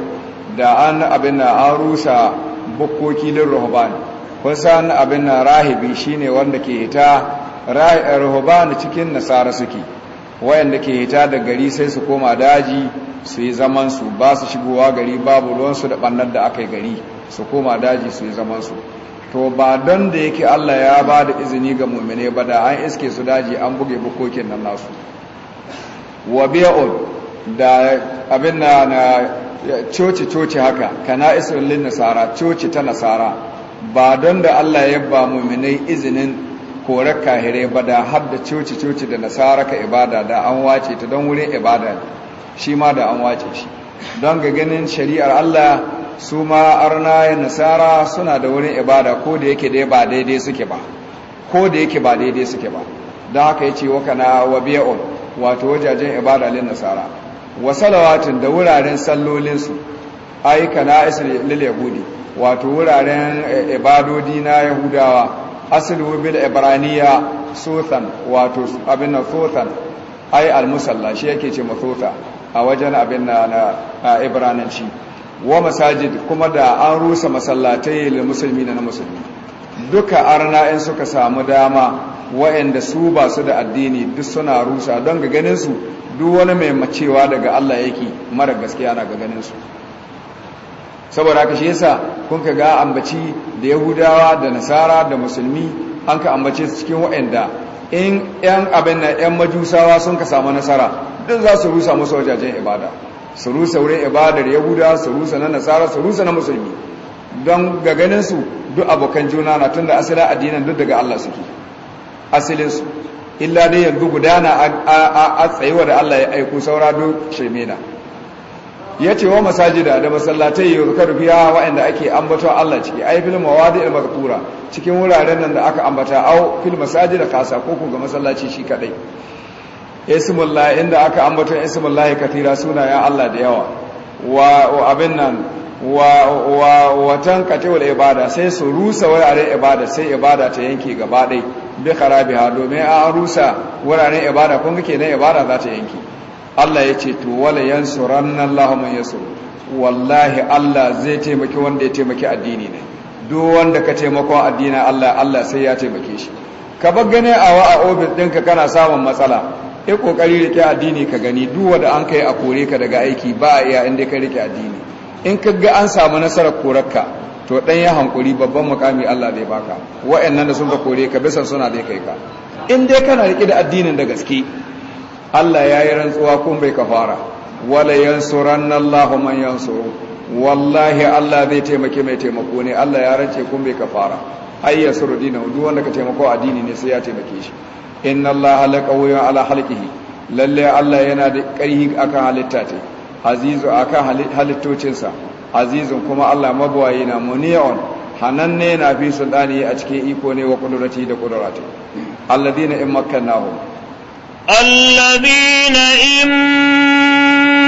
A: da an abin na an rusa bukkoki ruhban kusan abin na rahibi shine wanda ke hita rahoban cikin nasara suke wayanda ke hita da gari sai su koma daji su yi zamansu ba su shigowa gari babu ruwansu da ɓannar da aka yi gari su koma daji su yi zamansu to ba don da yake allah ya ba da izini ga mummine ba da an iske su daji an buge bukokin nan nasu wabi'un da abin na coci-coci haka kana isra'ilin nasara coci ta nasara ba don da Allah ya ba muminai izinin kore kahire ba da har da coci-coci da nasara ka ibada da an wace ta don wurin ibada shi ma da an wace shi don ga ganin shari'ar Allah su ma arna nasara suna da wurin ibada ko da yake dai ba daidai suke ba ko da yake ba daidai suke ba don haka ya ce waka na wabi'un wato wajajen ibada lin nasara wa salawatin da wuraren sallolinsu ayyuka na isri lil yahudi wato wuraren eh, ibadodi na yahudawa asilu bil ibraniya sothan wato abin na sothan ai almusalla shi yake ce masota a wajen abin na ibrananci wa masajid kuma da an rusa masallatai lil musulmi na musulmi duka arna in suka samu dama wa'anda su ba su da addini duk suna rusa don ga ganin su duk wani mai macewa daga Allah yake mara gaskiya na ga ganin su saboda haka shi yasa kun ka ga ambaci da yahudawa da nasara da musulmi an ka ambace su cikin waɗanda in yan abin na yan majusawa sun ka samu nasara duk za su rusa musu wajajen ibada su rusa wurin ibadar yahuda su rusa na nasara su rusa na musulmi don ga ganin su duk abokan juna na tun da asali addinin duk daga Allah suke asalin su illa dai yanzu gudana a tsayuwa da Allah ya aiko saura duk shemena ya ce wa masajida da masallatai yau zukar fiya waɗanda ake ambaton Allah ciki ai fil mawadi al makura cikin wuraren nan da aka ambata au fil masajida kasa ko ku ga masallaci shi kadai ismullah inda aka ambata ismullah katira sunayen Allah da yawa wa abin nan wa watan katewar ibada sai su rusa wuraren ibada sai ibada ta yanke gaba ɗai bi kharabiha domin an rusa wuraren ibada kun ga kenan ibada za ta yanke Allah ya ce to wala yansuranna Allahu man yasur wallahi Allah zai taimaki wanda ya taimaki addini ne duk wanda ka taimakon addinin Allah Allah sai ya taimake shi ka bar gane a wa'a ofis ɗinka kana samun matsala ya ƙoƙari rike addini ka gani duk wanda an kai a kore ka daga aiki ba a iya inda ka rike addini in ka ga an samu nasarar korarka to ɗan ya hankuri babban mukami Allah zai baka wa'annan da sun ka kore ka bisa suna zai kai ka in dai kana rike da addinin da gaske Allah ya yi rantsuwa kun bai kafara wala yansuranna Allahu man yansuru wallahi Allah zai taimake mai taimako ne Allah ya rance kun bai kafara ai ya suru dina duk wanda ka taimako addini ne sai ya taimake shi inna Allah la qawiyyun ala halqihi lalle Allah yana da ƙarfi akan halitta ce azizu akan halittocinsa azizun kuma Allah mabwayi na muniyon ne na fi sultani a cikin iko ne wa kudurati da kudurati alladina in makkannahum
B: الذين إن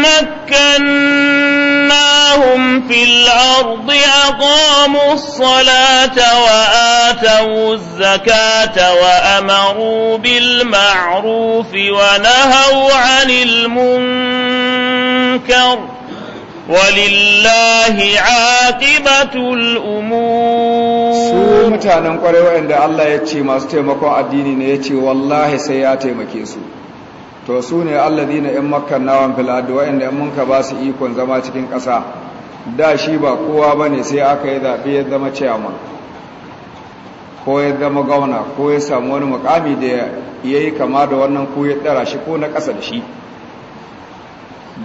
B: مكناهم في الأرض أقاموا الصلاة وآتوا الزكاة وأمروا بالمعروف ونهوا عن المنكر Walillahi عاقبة الأمور su mutanen ƙwarai
A: waɗanda Allah ya ce masu taimakon addini ne ya ce wallahi sai ya taimake su to su ne alladina in makkannawan fil ardi waɗanda in munka ba su ikon zama cikin ƙasa da shi ba kowa bane sai aka yi zabi ya zama chairman ko ya zama gwamna ko ya samu wani mukami da yayi kama da wannan ko ya ɗara shi ko na ƙasa da shi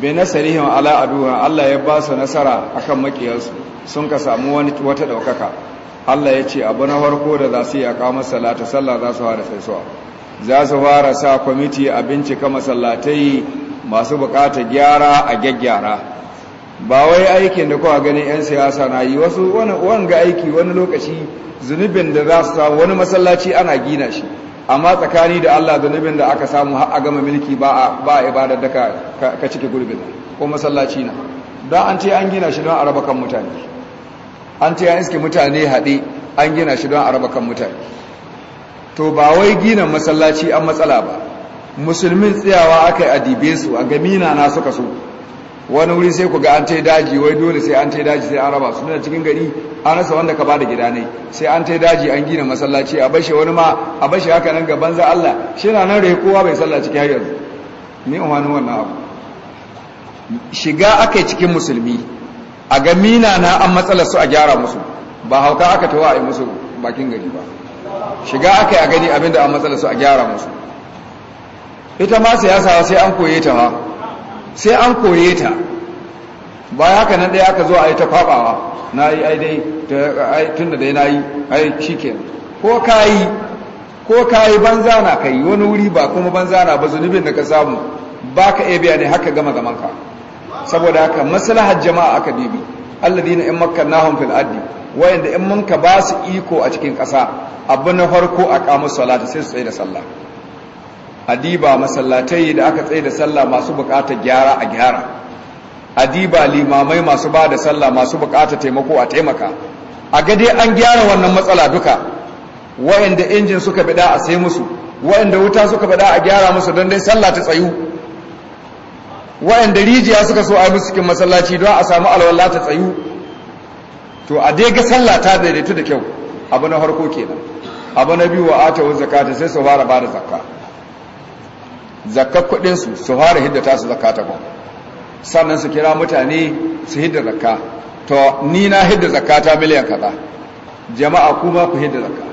A: bi nasarihim ala Allah ya ba su nasara akan makiyarsu sun ka samu wani wata ɗaukaka. Allah ya ce abu na farko da za su yi a kawo salata sallah za su fara saisuwa za su fara sa kwamiti a bincika masallatai masu bukatar gyara a gyaggyara ba wai aikin da kowa ganin 'yan siyasa na yi wasu wanga aiki wani lokaci zunubin da za su samu wani masallaci ana gina shi amma tsakani da Allah da zunubin da aka samu har a gama milki ba a ba ibadar da ka cike gurbin ko masallaci na don an ce an gina shi don a kan mutane an ce an iske mutane haɗe an gina shi don a kan mutane to ba wai gina masallaci an matsala ba musulmin tsayawa aka yi adibe su a gamina na suka so wani wuri sai ku ga an tai daji wai dole sai an tai daji sai an raba su na cikin gari an rasa wanda ka bada gida ne sai an tai daji an gina masallaci a bashe wani ma a bashe haka nan gaban za Allah shi na nan rai kowa bai sallaci ciki har yanzu ni wani wannan abu shiga aka yi cikin musulmi a ga mina na an matsalar su a gyara musu ba hauka aka tawa a yi musu bakin gari ba shiga aka yi a gani abinda an matsalar su a gyara musu ita ma siyasa sai an koye ta ma sai an kore ta ya haka nan ɗaya aka zo a yi ta kwabawa na yi aidai tun da dai na yi ai ko ka yi ko ka yi banza na kai wani wuri ba kuma banza na ba zunubin da ka samu ba ka iya biya ne haka gama gaman saboda haka maslahar jama'a aka dibi alladina in makkannahum fil addi wayanda in mun ka ba su iko a cikin ƙasa abu na farko a kamus salati sai su tsaye da sallah adiba masallatai da aka tsaye da sallah masu bukatar gyara a gyara adiba limamai masu ba da sallah masu bukatar taimako a taimaka a gade an gyara wannan matsala duka wa'anda injin suka bida a sai musu wa'anda wuta suka bada a gyara musu don dai sallah ta tsayu wa'anda rijiya suka so a musu cikin masallaci don a samu alwala ta tsayu to a dai ga sallah ta daidaitu da kyau abu na harko kenan abu na biyu wa ata zakata sai su fara bada da zakka zakar kudinsu su fara hiddata su zakka ta sannan su kira mutane su hidda zakka to ni na hidda zakka ta miliyan kaza jama'a kuma ku hidda zakka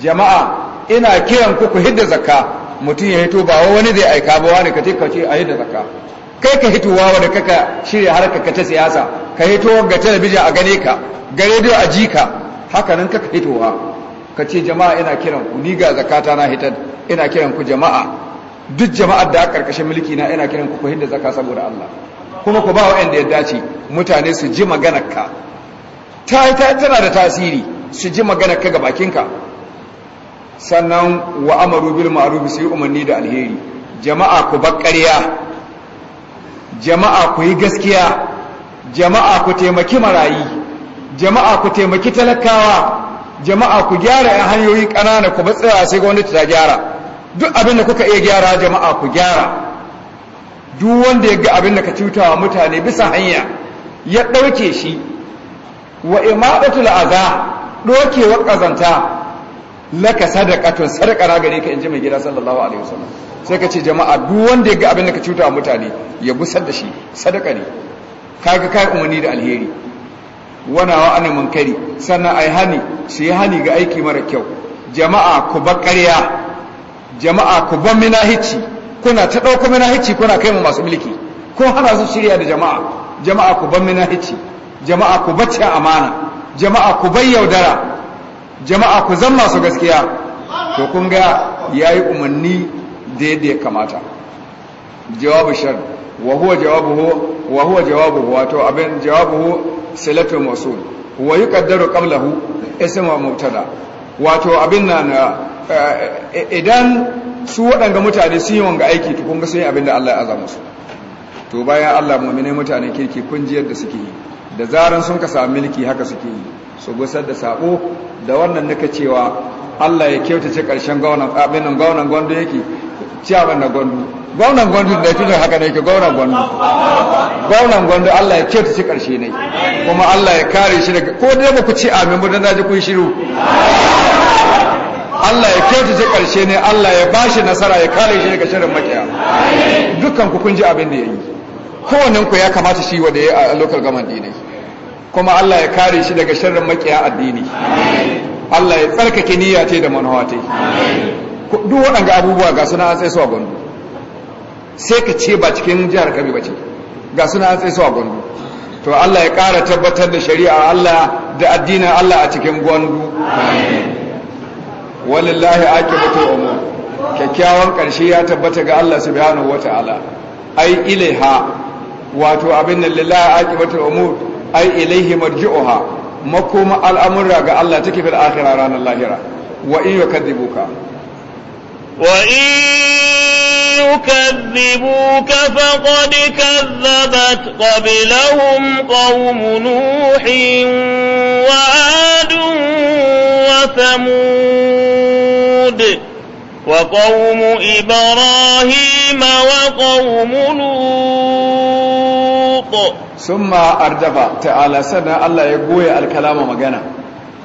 A: jama'a ina kiran ku ku hidda zakka mutum ya hito ba wani zai aika ba wani ka ka ce a hidda zakka kai ka hitowa wani kaka shirya harkar ka ta siyasa ka hito ga talabijin a gane ka ga rediyo a ji ka haka nan kaka hitowa ka ce jama'a ina kiran ku ni ga zakata na hitar ina kiran ku jama'a duk jama'ar da karkashin mulki na ina kiran ku ku hidda zaka saboda Allah kuma ku ba wa'anda ya dace mutane su ji maganar ka ta tana da tasiri su ji maganar ka ga bakin ka sannan wa amaru bil ma'ruf sai umarni da alheri jama'a ku bar jama'a ku yi gaskiya jama'a ku taimaki marayi jama'a ku taimaki talakawa jama'a ku gyara yan hanyoyi ƙanana ku batsaya sai gwamnati ta gyara duk abin da kuka iya gyara jama'a ku gyara duk wanda ya ga abin da ka cutawa mutane bisa hanya ya ɗauke shi wa imadatul la'aza ɗokewar ƙazanta laka sadaqatun sadaqa na gare ka inji mai gida sallallahu alaihi wasallam sai ka ce jama'a duk wanda ya ga abin da ka cutawa mutane ya busar da shi sadaka ne kaga kai umarni da alheri wana wa ana munkari sannan ai hani su yi hani ga aiki mara kyau jama'a ku bar ƙarya jama'a ku ban minahici kuna ta ɗauko minahici kuna kai mu masu mulki kun hana su shirya da jama'a jama'a ku ban minahici jama'a ku bacci amana jama'a ku bai yaudara jama'a ku zan masu gaskiya to kun ga yayi umarni da yadda ya kamata jawabu shar wa huwa jawabuhu wa huwa jawabuhu wato abin jawabuhu silatu mawsul wa yuqaddaru qablahu ismu mubtada wato abin nan idan su waɗanga mutane sun yi wanga aiki to kun ga sun yi abin da Allah ya aza musu to bayan Allah mu'minai mutanen kirki kun da suke yi da zaran sun ka samu milki haka suke yi su gusar da sabo da wannan nuka cewa Allah ya kyauta ce ƙarshen abin nan gaunan yake ciyaban na gondo gwamnan gwandu da tunan haka ne ke gwamnan gwandu gwamnan gwandu Allah ya ce ƙarshe ne kuma Allah ya kare shi daga ko dai ba ku ci amin ba dan ji kun shiru Allah ya kyautata ƙarshe ne Allah ya ba shi nasara ya kare shi daga shirin makiya dukkan ku kun ji abin da yi kowannen ku ya kamata shi wanda ya a local government ne kuma Allah ya kare shi daga shirin makiya addini Allah ya tsarkake niyya ce da manuwa ce duk waɗanga abubuwa ga suna an tsaye su a gwandu sai ka ce ba cikin jihar kabi ba ce ga suna an tsaye su a gwandu to Allah ya ƙara tabbatar da shari'a Allah da addinin Allah a cikin gwandu walillahi akibatu umur kyakkyawan karshe ya tabbata ga Allah subhanahu wataala ai ilaiha wato abin nan lillahi akibatu umur ai ilaihi marji'uha makoma al'amura ga Allah take fil akhirah ranar lahira wa in yukadibuka
B: wa in yukadibuka faqad kazzabat qablahum qawm nuhin wa adun وثمود وقوم إبراهيم وقوم لوط
A: ثم أردف تعالى سنة الله يقوي الكلام مغانا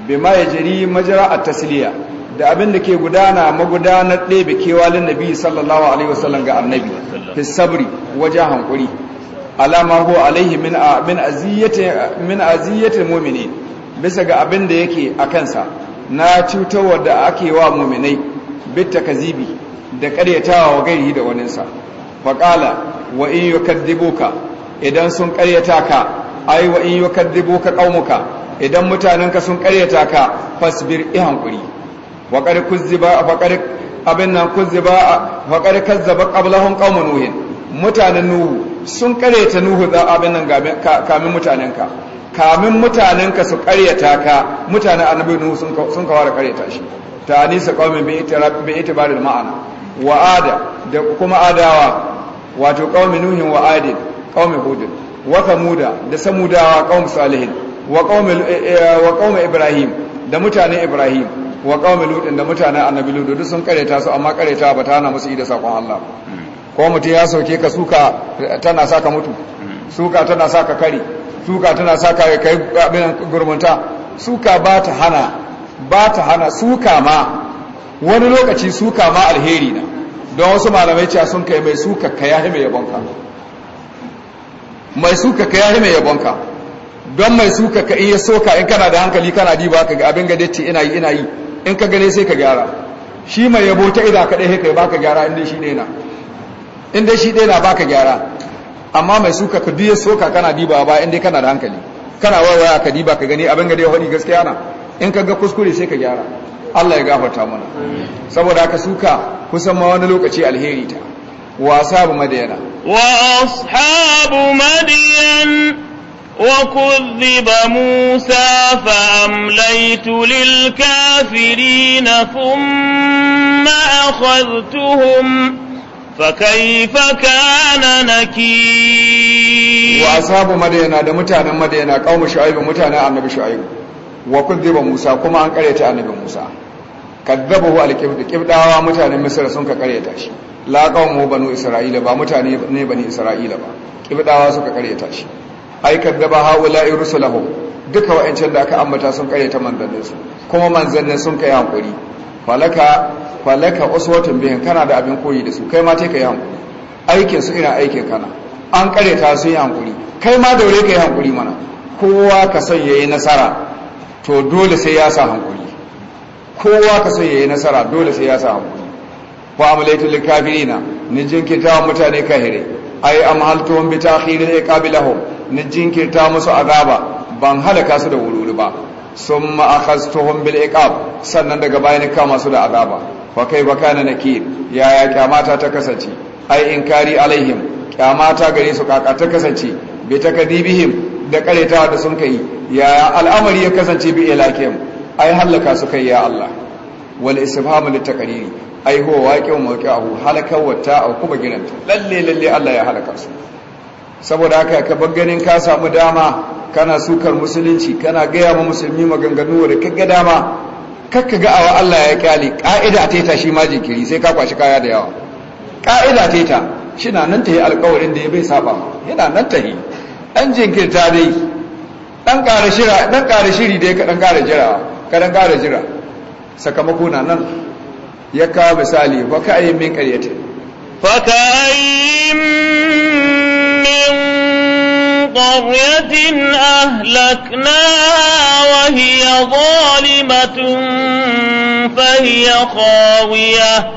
A: بما يجري مجرى التسلية da abin da ke gudana magudanar ɗebe kewalin nabi sallallahu alaihi wasallam ga annabi fi sabri wajen hankuri alama ko alaihi min aziyyatin mumini bisa ga abin da yake a kansa na cutarwar da ake wa muminai bitta kazibi da karyatawa wa gairi da waninsa faƙala wa in yukaddibuka idan sun karyata ka ai wa in yukaddibuka ƙaunuka idan mutanenka sun karyata ka fasbir ihankuri wa qad kuzziba fa qad abin nan kuzziba kazzaba qablahum mutanen nuhu sun karyata nuhu za abin nan kamin mutanenka kamin mutanenka su karyata ka mutanen annabi nuhu sun kawar da karyata shi ta anisa qaumin bi itibari da ma'ana wa ada da kuma adawa wato qaumin nuhin wa adin hudun hud wa samuda da samudawa qaum salihin wa qaumin eh, eh, wa ibrahim da mutanen ibrahim wa qaumin lut da mutanen annabi lut duk sun karyata su amma karyata ba ta hana musu ida sakon Allah ko mutum ya sauke ka suka tana saka mutu suka tana saka kare suka tana sa ka kai abin gurmunta suka ba ta hana ba ta hana suka ma wani lokaci suka ma alheri na don wasu malamai cewa sun kai mai suka ka yahi mai yabonka mai suka ka yahi mai yabonka don mai suka ka iya soka in kana da hankali kana ba ka ga abin ga dace ina yi ina yi in ka gane sai ka gyara shi mai yabo ta ida ka dai kai baka gyara inda shi dai na inda shi dai na baka gyara amma mai suka ka duye soka kana diba ba dai kana da hankali kana waya ka diba ka gani abin da ya gaskiya na in ka ga kuskure sai ka gyara Allah ya gafarta mana saboda ka suka kusan ma wani lokaci alheri ta wa ashabu madiyana
B: wa ashabu madiyan fa amlaytu lil kafirin thumma أخذتهم فكيف كان نكير
A: واصحاب مدينة da mutanen madina qaum shu'aib mutanen annabi shu'aib wa kuma an karyata annabi musa kadzabahu alqibd qibdawa mutanen misr sun ka karyata shi la qaumu banu isra'ila ba mutane ne bani isra'ila ba qibdawa suka karyata shi ai kadzaba haula'i rusulahum duka wa'ancan da aka ambata sun karyata manzanninsu kuma manzannin sun kai hankuri falaka falaka uswatun bihin kana da abin koyi da su kai ma take yi hankuri aikin su ina aikin kana an kare ta sun yi hankuri kai ma daure ka yi hankuri mana kowa ka son yayi nasara to dole sai ya sa hankuri kowa ka son yayi nasara dole sai ya sa hankuri wa amalaitul kafirina ni jinkirta mutane kahire ai amhaltuhum bi ta'khiril iqabilahum ni jinkirta musu azaba ban halaka su da wuri ba sun ma'akastuhun bil iqab sannan daga bayan kama su da azaba fa kai ba kana nakir yaya kyamata ta kasance ai inkari alaihim kyamata gare su kaka ta kasance bi takadibihim da karetawa da sun kai yaya al'amari ya kasance bi ilakim ai halaka su kai ya Allah wal istifham lit taqriri ai huwa waqi'un mawqi'ahu halakar wata au kuma ginanta lalle lalle Allah ya halaka su saboda haka ka bar ganin ka samu dama kana sukar musulunci kana gaya ma musulmi maganganu da kaga dama kakka ga awa Allah ya kyale ka'ida ta shi ma jinkiri sai ka kwashi kaya da yawa ka'ida ta shi na nan ta yi alkawarin da ya bai saba yana nan ta yi ɗan jinkirta dai ɗan ƙara shira ɗan ƙara shiri dai ka ɗan ƙara jira ka ɗan ƙara jira sakamako na nan ya kawo misali wa ka yi min ƙaryatin fa ka ayyin
B: min قرية أهلكناها وهي ظالمة فهي خاوية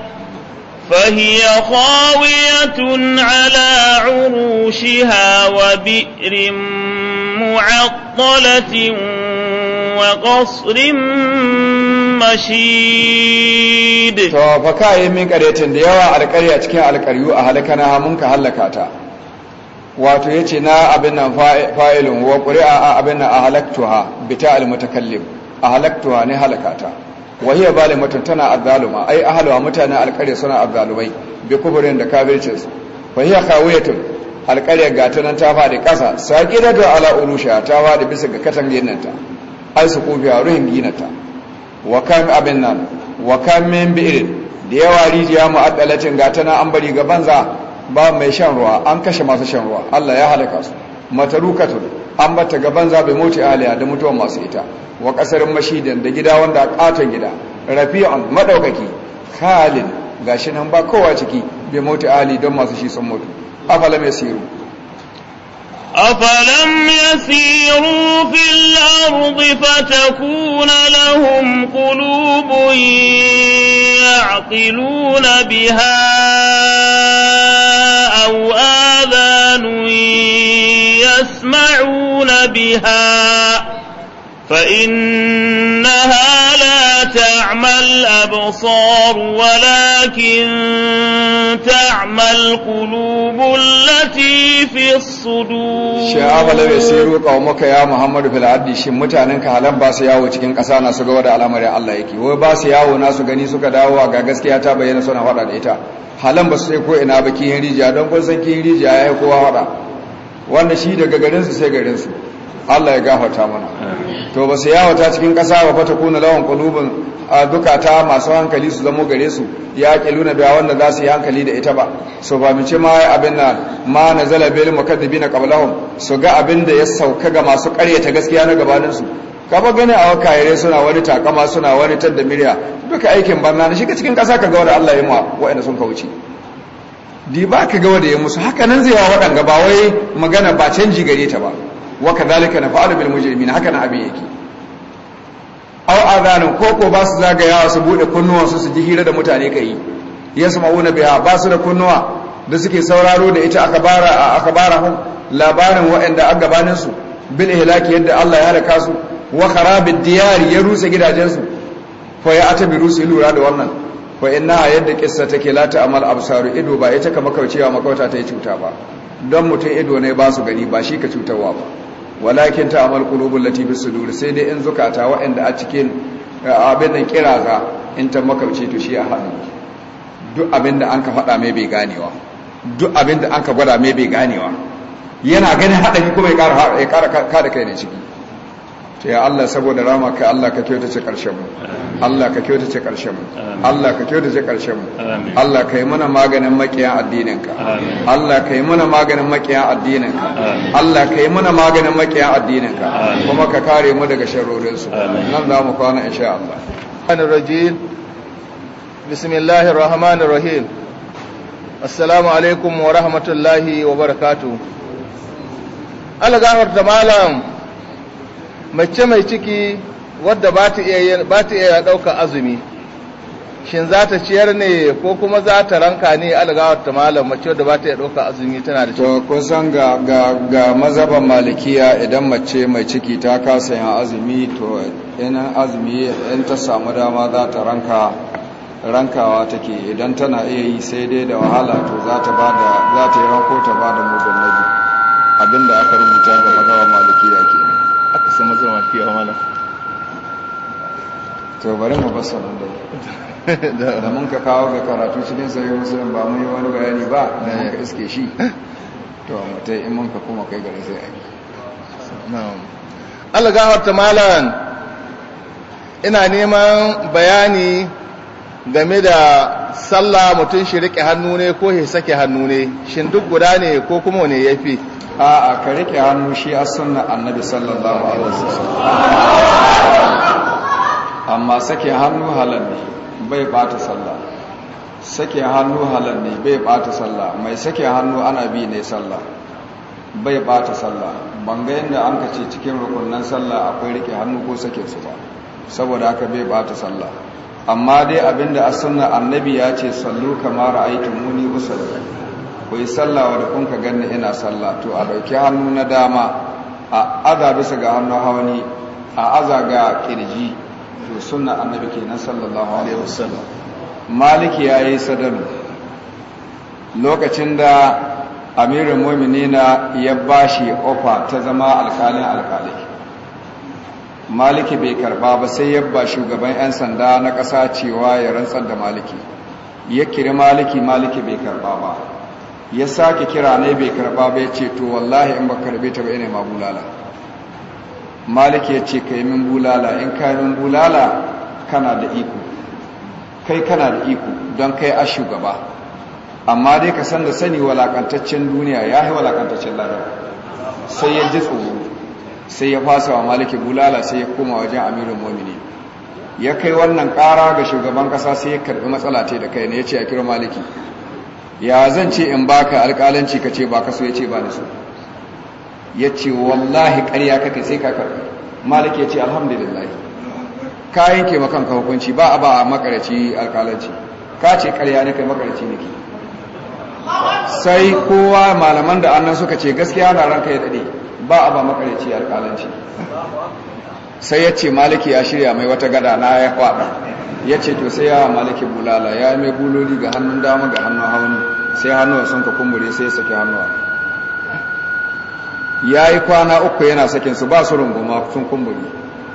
B: فهي خاوية على عروشها وبئر معطلة
A: وقصر مشيد. to fa ka yi min ƙaryatin da yawa alƙarya cikin alƙaryu a halakana mun ka halaka ta. wato ya ce na abin nan fa'ilun wa ƙuri'a a abin nan a halaktuwa bita almutakallim a halaktuwa ne halakata wa wahiyar mutum tana azzaluma ai ahalwa mutane alƙarya suna azzalumai bi kuburin da kabircin su hiya kawuyatun alƙarya ga nan ta faɗi ƙasa saƙi da ala urusha ta faɗi bisa ga katangen nan ta ai su kofiya ruhin ginata wa kan abin nan wa kan min irin da yawa rijiya mu'addalacin gata nan an bari ga banza ba mai shan ruwa an kashe masu shan ruwa Allah ya halaka su matarukatun an bata gaban zabe mota aliya da mutuwa masu ita wa kasarin mashidan da gida wanda a katon gida rafi'un madaukaki halin gashi nan ba kowa ciki bi mota ali don masu shi sun mutu afala mai siru
B: أفلم يسيروا في الأرض فتكون لهم قلوب يعقلون بها أو آذان يسمعون بها فإنها لا تعمى الأبصار ولكن تعمى القلوب التي في الصدور
A: شعب لو يسيروا قومك يا محمد في العد شن mutanenka halan ba su yawo cikin ƙasa na su ga wada al'amarin Allah yake wai ba su yawo na gani suka dawo ga gaskiya ta bayyana suna faɗa da ita halan ba su sai ko ina ba kihin rijiya don kun san kihin rijiya ya yi kowa faɗa wanda shi daga garinsu sai garinsu Allah ya gafarta
D: mana
A: to ba su yawata cikin ƙasa ba fata kuna lawan kulubin a dukata masu hankali su zamo gare su ya luna da wanda za su yi hankali da ita ba so ba mu ce ma abin na ma na zala bil na kabalahun su ga abin da ya sauka ga masu ƙaryata gaskiya na gabanin su kaba gani a yare suna wani takama suna wani tadda miliya duka aikin banna na shiga cikin ƙasa ka ga wanda Allah ya ma waɗanda sun kauce di ba ka ga wanda ya musu haka nan zai wa waɗanga ba wai magana ba canji gare ta ba wa na nafa'alu bil mujrimin haka na abin yake aw adanu ko ko ba su zagayawa su bude kunnuwan su su ji hira da mutane kai yasma'una biha ba su da kunnuwa da suke sauraro da ita akabara akabarahum labarin waɗanda aka gabanin su bil ihlaki yadda Allah ya halaka su wa kharabid diyari ya rusa gidajen su fa ya atabi rusi lura da wannan fa inna yadda kissa take la amal absaru ido ba ita ka kaucewa makauta ta yi cuta ba don mutum ido ne ba su gani ba shi ka cutarwa ba walakin ta amal kulubun latifin su sudur sai dai in zukata waɗanda a cikin eh, abin kira kiraza in ta makauce to shi a hadu duk abin da an ka faɗa mai bai ganewa duk abin da an ka gwada mai bai ganewa yana ganin haɗari kuma ya ƙara kada kai ne ciki to ya Allah saboda rama ka Allah ka kyautace karshen mu Allah ka kyautace karshen mu Allah ka kyautace karshen mu Allah ka yi mana maganin makiyan addinin ka Allah ka yi mana maganin makiyan addinin ka Allah ka yi mana maganin makiyan addinin ka kuma ka kare mu daga sharrorin su nan za mu kwana insha Allah Ana rajim
C: Bismillahir Rahmanir Rahim Assalamu alaikum wa rahmatullahi wa barakatuh Allah gafar da malam mace mai ciki wadda ba ta iya ɗauka azumi shin za ta ciyar ne ko kuma za ta ranka ne algawar ta malam mace wadda ba ta iya ɗauka
A: azumi tana da ciki to kusan ga ga ga mazhaban malikiya idan mace mai ciki ta kasa yin azumi to in azumi in ta samu dama za ta ranka rankawa take idan tana iya yi sai dai da wahala to za ta da za ta yi ranko ta da mudan nabi abinda aka rubuta ga mazhaban malikiya ke
C: sun masu mafi yawa malam to bari mu fasa nan
A: da da mun ka kawo ga karatu cikin sayi musulun ba mun yi wani bayani ba da mun ka iske shi to a mutai in mun ka kuma kai gari sai aiki
C: Allah gafarta malam ina neman bayani game da sallah mutum shi rike hannu ne ko ya sake hannu ne shin duk
A: guda ne ko kuma ne ya fi a a ka rike hannu shi a sunna annabi sallallahu alaihi wasallam amma sake hannu halal ne bai bata sallah sake hannu halal ne bai bata sallah mai sake hannu ana bi ne sallah bai bata sallah banga yadda an ka ce cikin rukunan sallah akwai rike hannu ko sake su ba saboda haka bai bata sallah amma dai abinda a sunna annabi ya ce sallu kamar aikin muni usalli ku yi sallah da kun ka ganni ina sallah to a dauki hannu na dama a aza bisa ga hannu hawani a aza ga kirji to sunna annabi kenan sallallahu alaihi wasallam maliki ya yi sadalu lokacin da amirin mu'minina ya bashi ofa ta zama alkalin alkalai maliki bai karba ba sai yabba shugaban 'yan sanda na ƙasa cewa ya rantsar da maliki ya kiri maliki maliki bai karba ba ya sake kira ne bai karba ba ya ce to wallahi in ba karbe ta ba ne ma bulala maliki ya ce ka yi min bulala in ka yi min bulala kana da iko kai kana da iko don kai a shugaba amma dai ka san da sani walakantaccen duniya ya yi walakantaccen lada sai ya ji tsoro sai ya fasa wa maliki bulala sai ya koma wajen amirin momini. ya kai wannan ƙara ga shugaban ƙasa sai ya karbi matsala ta da kai ne ya ce a kira maliki ya zan ce in ba ka alƙalanci ka ce ba ka so ya ce ba ni so ya ce wallahi ƙarya kake sai ka karbi maliki ya ce alhamdulillah ka yanke ma kanka hukunci ba a ba a makaraci alƙalanci ka ce ƙarya ne kai makaraci ne sai kowa malaman da annan suka ce gaskiya na ranka ya dade ba a ba makarici alƙalanci sai ya ce maliki ya shirya mai wata gada na ya kwaɗa ya ce to sai yawa maliki bulala ya mai buloli ga hannun dama ga hannun hannu sai hannuwa sun ka kumbure sai ya sake hannuwa ya yi kwana uku yana sakin su ba su runguma sun kumbure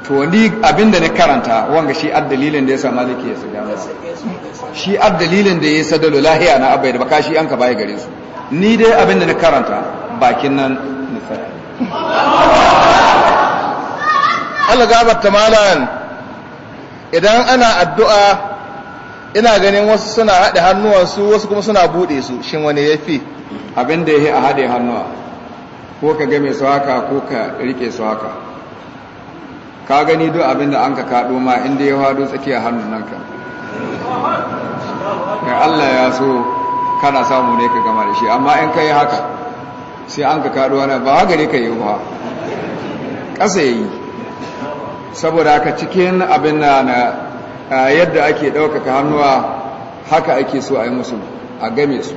A: to ni abinda ni karanta wanga shi addalilin da ya sa maliki ya saki hannuwa shi addalilin da ya sadalo lahiya na abai da baka shi an ka baya gare su ni dai abinda ni karanta bakin nan Allah
C: gabata malan idan ana addu'a ina ganin wasu suna haɗe hannuwansu wasu kuma suna buɗe su shin wani ya fi
A: abin da ya yi a haɗe hannuwa ko ka game su haka ko ka rike su haka ka gani duk abinda da an ka kaɗo ma inda ya haɗo tsakiyar hannun nan ka ya Allah ya so kana samu ne ka gama da shi amma in ka yi haka sai an ka kaɗuwa na ba gare ka yi ba ƙasa ya yi saboda haka cikin abin na yadda ake ɗaukaka hannuwa haka ake so a yi musu a game su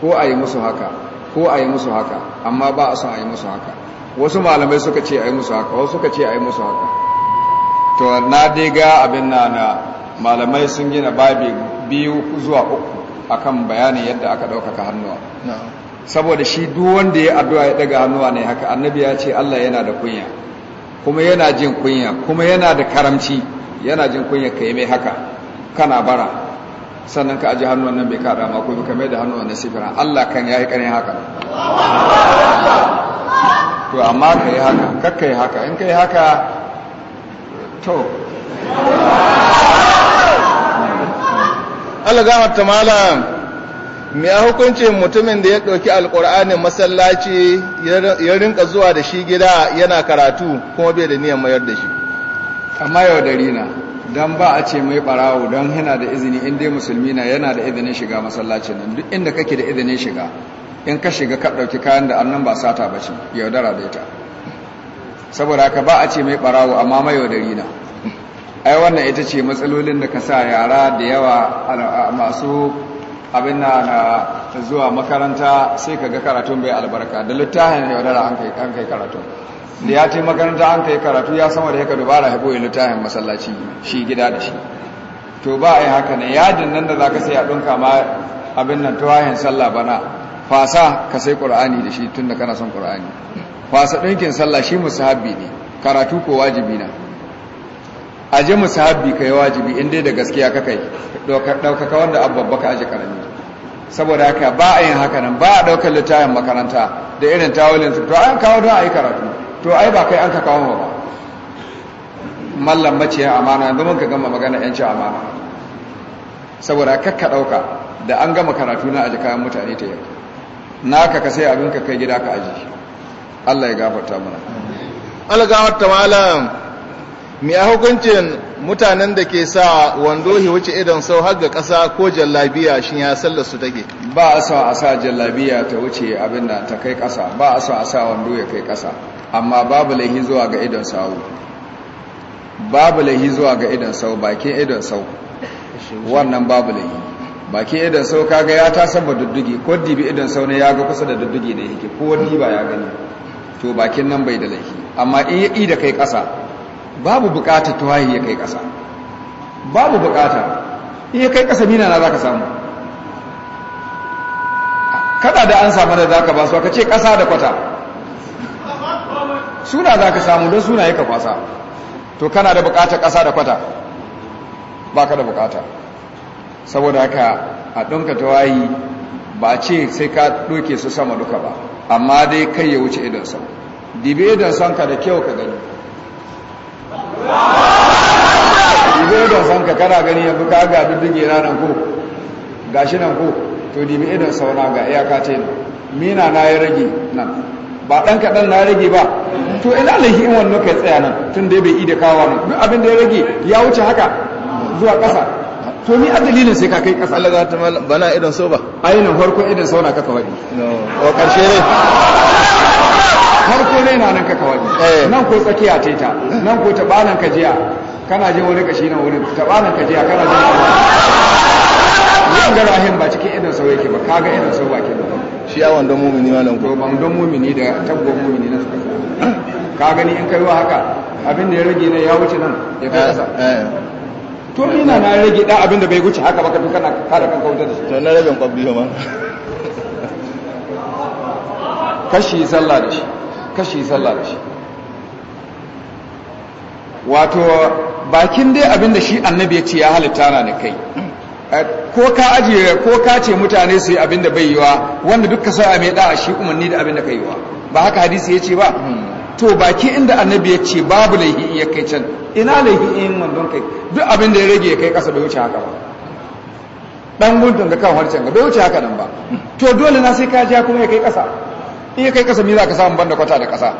A: ko a yi musu haka ko a yi musu haka amma ba a son a yi musu haka wasu malamai suka ce a yi musu haka wasu suka ce a yi musu haka to na dai ga abin na na malamai sun gina babi biyu zuwa uku akan bayanin yadda aka ɗaukaka hannuwa saboda shi duk wanda ya addu'a ya daga hannuwa ne haka annabi ya ce Allah yana da kunya kuma yana jin kunya kuma yana da karamci yana jin kunya ka yi mai haka kana bara sannan ka aji hannuwan nan bai kada ma ko ka mai da hannuwan na sifira Allah kan yayi karin haka to amma ka yi haka kakka yi haka in ka yi haka to
C: Allah gafarta malam me ya hukuncin mutumin da ya ɗauki alƙur'anin masallaci ya rinka zuwa da shi gida yana karatu kuma bai da
A: niyan mayar da shi amma yau dari na don ba a ce mai ɓarawo don yana da izini in dai musulmi na yana da izinin shiga masallaci nan duk inda kake da izinin shiga in ka shiga ka ɗauki kayan da annan ba sata ba ce yaudara da ita saboda haka ba a ce mai ɓarawo amma mai yaudari na ai wannan ita ce matsalolin da ka sa yara da yawa masu abin na zuwa makaranta sai ka ga karatun bai albarka da littafin ne wadara an kai karatu da ya ce makaranta an kai karatu ya sama da haka dubara haifo ya littafin masallaci shi gida da shi to ba a yi haka ne yajin nan da za ka sai a ɗunka ma abin nan tuwahin sallah bana fasa ka sai qur'ani da shi tun kana son qur'ani fasa ɗinkin sallah shi musahabi ne karatu ko wajibi na aje musahabi kai wajibi in dai da gaskiya ka kai daukaka wanda abubuwa ka aje karami saboda haka ba a yin haka nan ba a daukar littafin makaranta da irin tawulin su to an kawo don a yi karatu to ai ba kai an ka kawo ba mallam maciya amana yanzu mun ka gama magana yancin amana saboda kakka dauka da an gama karatu na aje kayan mutane ta yau naka ka sai abin ka kai gida ka aji Allah ya gafarta mana Allah gafarta
C: malam mi a hukuncin mutanen da ke sa wando hi wuce idan sau har ga ƙasa ko jallabiya shin ya sallar su take
A: ba a sa a sa jallabiya ta wuce abin da ta kai ƙasa ba a sa a sa wando ya kai ƙasa amma babu laihi zuwa ga idan sau babu laihi zuwa ga idan sau bakin idan sau wannan babu laihi bakin idan sau kaga ya ta saba duddugi ko dibi idan sau ne ya ga kusa da duddugi ne yake ko wani ba ya gani to bakin nan bai da laihi amma in ya da kai ƙasa babu bukatar tuwayi ya kai ƙasa babu bukata in ya kai ƙasa nina na za ka samu kada da an samu da za ka ba su aka ce ƙasa da kwata suna za ka samu don suna ya ka kwasa to kana da bukatar ƙasa da kwata ba ka da bukata saboda haka a ɗonka tawayi ba ce sai ka ɗoke su sama duka ba amma dai kai ya wuce idan sau dibe idan sanka da kyau ka gani dibi idon sanka kana gani yanzu kaga ga duddige na nan ko shi nan ko to dibi idon sauna ga iyaka ce mina na ya rage nan ba ɗan kaɗan na rage ba to ina lahi in wannan kai tsaya nan tun da bai ida kawo nan duk abin da ya rage ya wuce haka zuwa ƙasa to ni
C: a dalilin sai ka kai ƙasa Allah za ta bana idan so ba ainihin farko idan sauna kaka no o
A: ƙarshe ne farko ne na nan kaka wani eh. nan ko tsakiya ce ta nan ko tabanan ka jiya kana je wani kashi nan wurin tabanan ka jiya kana je wani garahin ba cikin idan sau yake ba kaga idan sau ba ke ba shi ya wanda mumini malam ko ban wanda mumini da tabbo mumini na suka ka gani in kai wa haka abin da ya rage ne ya wuce nan ya kai kasa eh, eh. to ni na rage da abin da bai wuce haka ba ka kana kada kanka wuta da shi to na rabin kwabbi ma kashi sallah da shi kashi sallah da shi wato bakin dai abin da shi annabi ya ce ya halitta na kai eh, ko ka ajiye ko ka ce mutane su yi abin da bai yiwa wanda duk ka sa a mai da shi umarni da abin da kai yiwa ba haka hadisi ya ce ba hmm. to baki inda annabi ya ce babu laihi in ya kai can ina laihi in wandon kai duk abin da ya rage ya kai kasa bai wuce haka ba dan guntun ga kan harcen ga bai wuce haka nan ba hmm. to dole na sai ka ja kuma ya kai kasa in kai kasa za ka samu banda kwata da kasa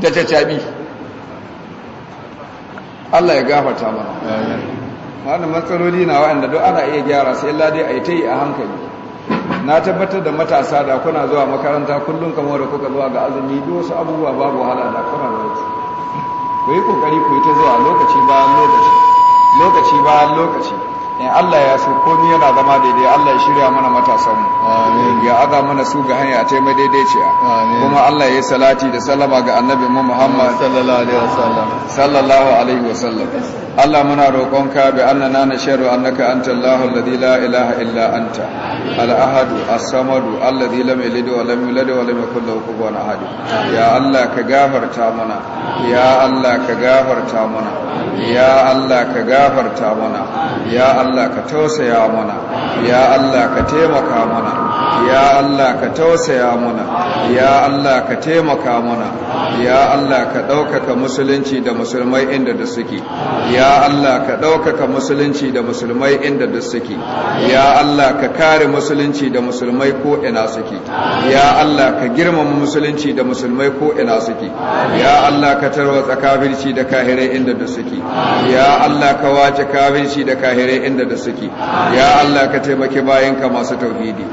A: da cacabi Allah ya gafarta mana wani matsaloli na wa'anda duk ana iya gyara sai ladai a yi ta yi a hankali na tabbatar da matasa da kuna zuwa makaranta kullum kamar da kuka zuwa ga azumi duk wasu abubuwa babu wahala da kuna da wasu ku yi kokari ku yi ta zuwa lokaci bayan lokaci lokaci bayan lokaci in Allah ya so komi yana zama daidai Allah ya shirya mana matasanmu ya aza mana su ga hanya ta mai daidaiciya kuma Allah ya yi salati da salama ga annabi mu Muhammad sallallahu alaihi wasallam Allah muna roƙonka bi annana sharu annaka anta Allahu alladhi la ilaha illa anta al-ahad as-samad alladhi lam yalid wa lam yulad wa lam yakul lahu kufuwan ahad ya Allah ka gafarta mana ya Allah ka gafarta mana ya Allah ka gafarta mana ya Allah Allah ka tausaya mana ya Allah ka taimaka mana ya Allah ka tausaya mana ya Allah ka taimaka mana ya Allah ka ɗaukaka musulunci da musulmai inda da suke ya Allah ka ɗaukaka musulunci da musulmai inda da suke ya Allah ka kare musulunci da musulmai ko ina suke ya Allah ka girmama musulunci da musulmai ko ina suke ya Allah ka tarwatsa kafirci da kahirai inda da suke ya Allah ka wace kafirci da kahirai inda inda da suke ya Allah ka taimaki bayanka masu tauhidi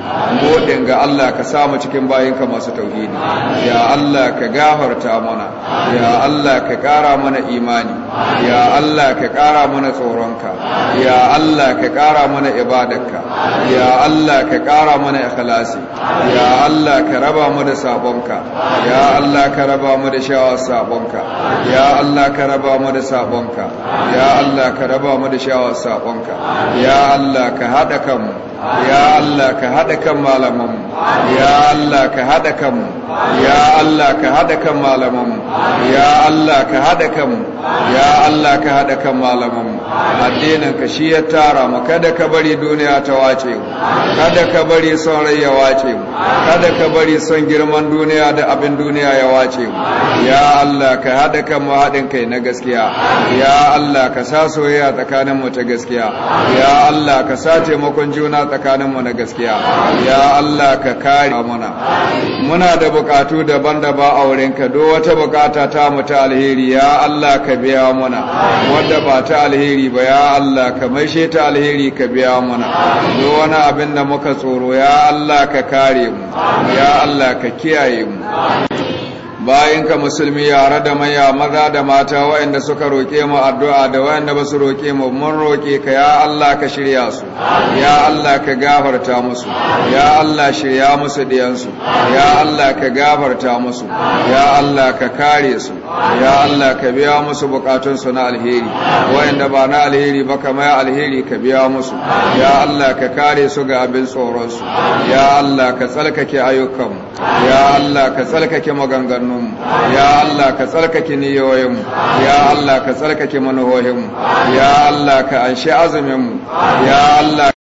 A: godin ga Allah ka samu cikin bayanka masu tauhidi ya Allah ka gafarta mana ya Allah ka ƙara mana imani ya Allah ka ƙara mana tsoronka ya Allah ka ƙara mana ibadarka ya Allah ka ƙara mana ikhlasi ya Allah ka raba mu da sabonka ya Allah ka raba mu da shawar sabonka ya Allah ka raba mu da sabonka ya Allah ka raba mu da shawar sabonka ya Allah ka haɗa kanmu ya Allah ka haɗa kan malamanmu ya Allah ka haɗa kanmu ya Allah ka haɗa kan malamanmu ya Allah ka haɗa kanmu ya Allah ka haɗa kan malamanmu addinin ka shi ya tara mu kada ka bari duniya ta wace mu kada ka bari son rai ya wace mu kada ka bari son girman duniya da abin duniya ya wace mu ya Allah ka hada kan mu hadin kai na gaskiya ya Allah ka sa soyayya tsakanin mu ta gaskiya ya Allah ka sa taimakon juna tsakanin mu na gaskiya ya Allah ka kare na muna da bukatu daban-daban a wurin ka duk wata bukata ta mu ta alheri ya Allah ka biya na wanda ba ta alheri ba ya Allah ka maishe ta alheri ka biya mana duk wani abin da muka tsoro ya Allah ka kare mu ya Allah ka kiyaye mu bayan ka musulmi yare da maya maza da mata waɗanda suka roƙe mu addu'a da waɗanda ba su roƙe mu mun roƙe ka ya Allah ka shirya su ya Allah ka gafarta musu ya Allah shirya musu su ya Allah ka gafarta musu ya Allah ka kare su ya Allah ka biya musu bukatunsu na alheri waɗanda ba na alheri ba ka maya alheri ka biya musu ya Allah ka kare su ga abin tsoronsu ya Allah ka tsarkake ayyukanmu ya Allah ka tsarkake maganganu niyoyinmu ya Allah ka tsarkake niyoyinmu ya Allah ka tsarkake manuhohinmu ya Allah ka anshi azuminmu
D: ya Allah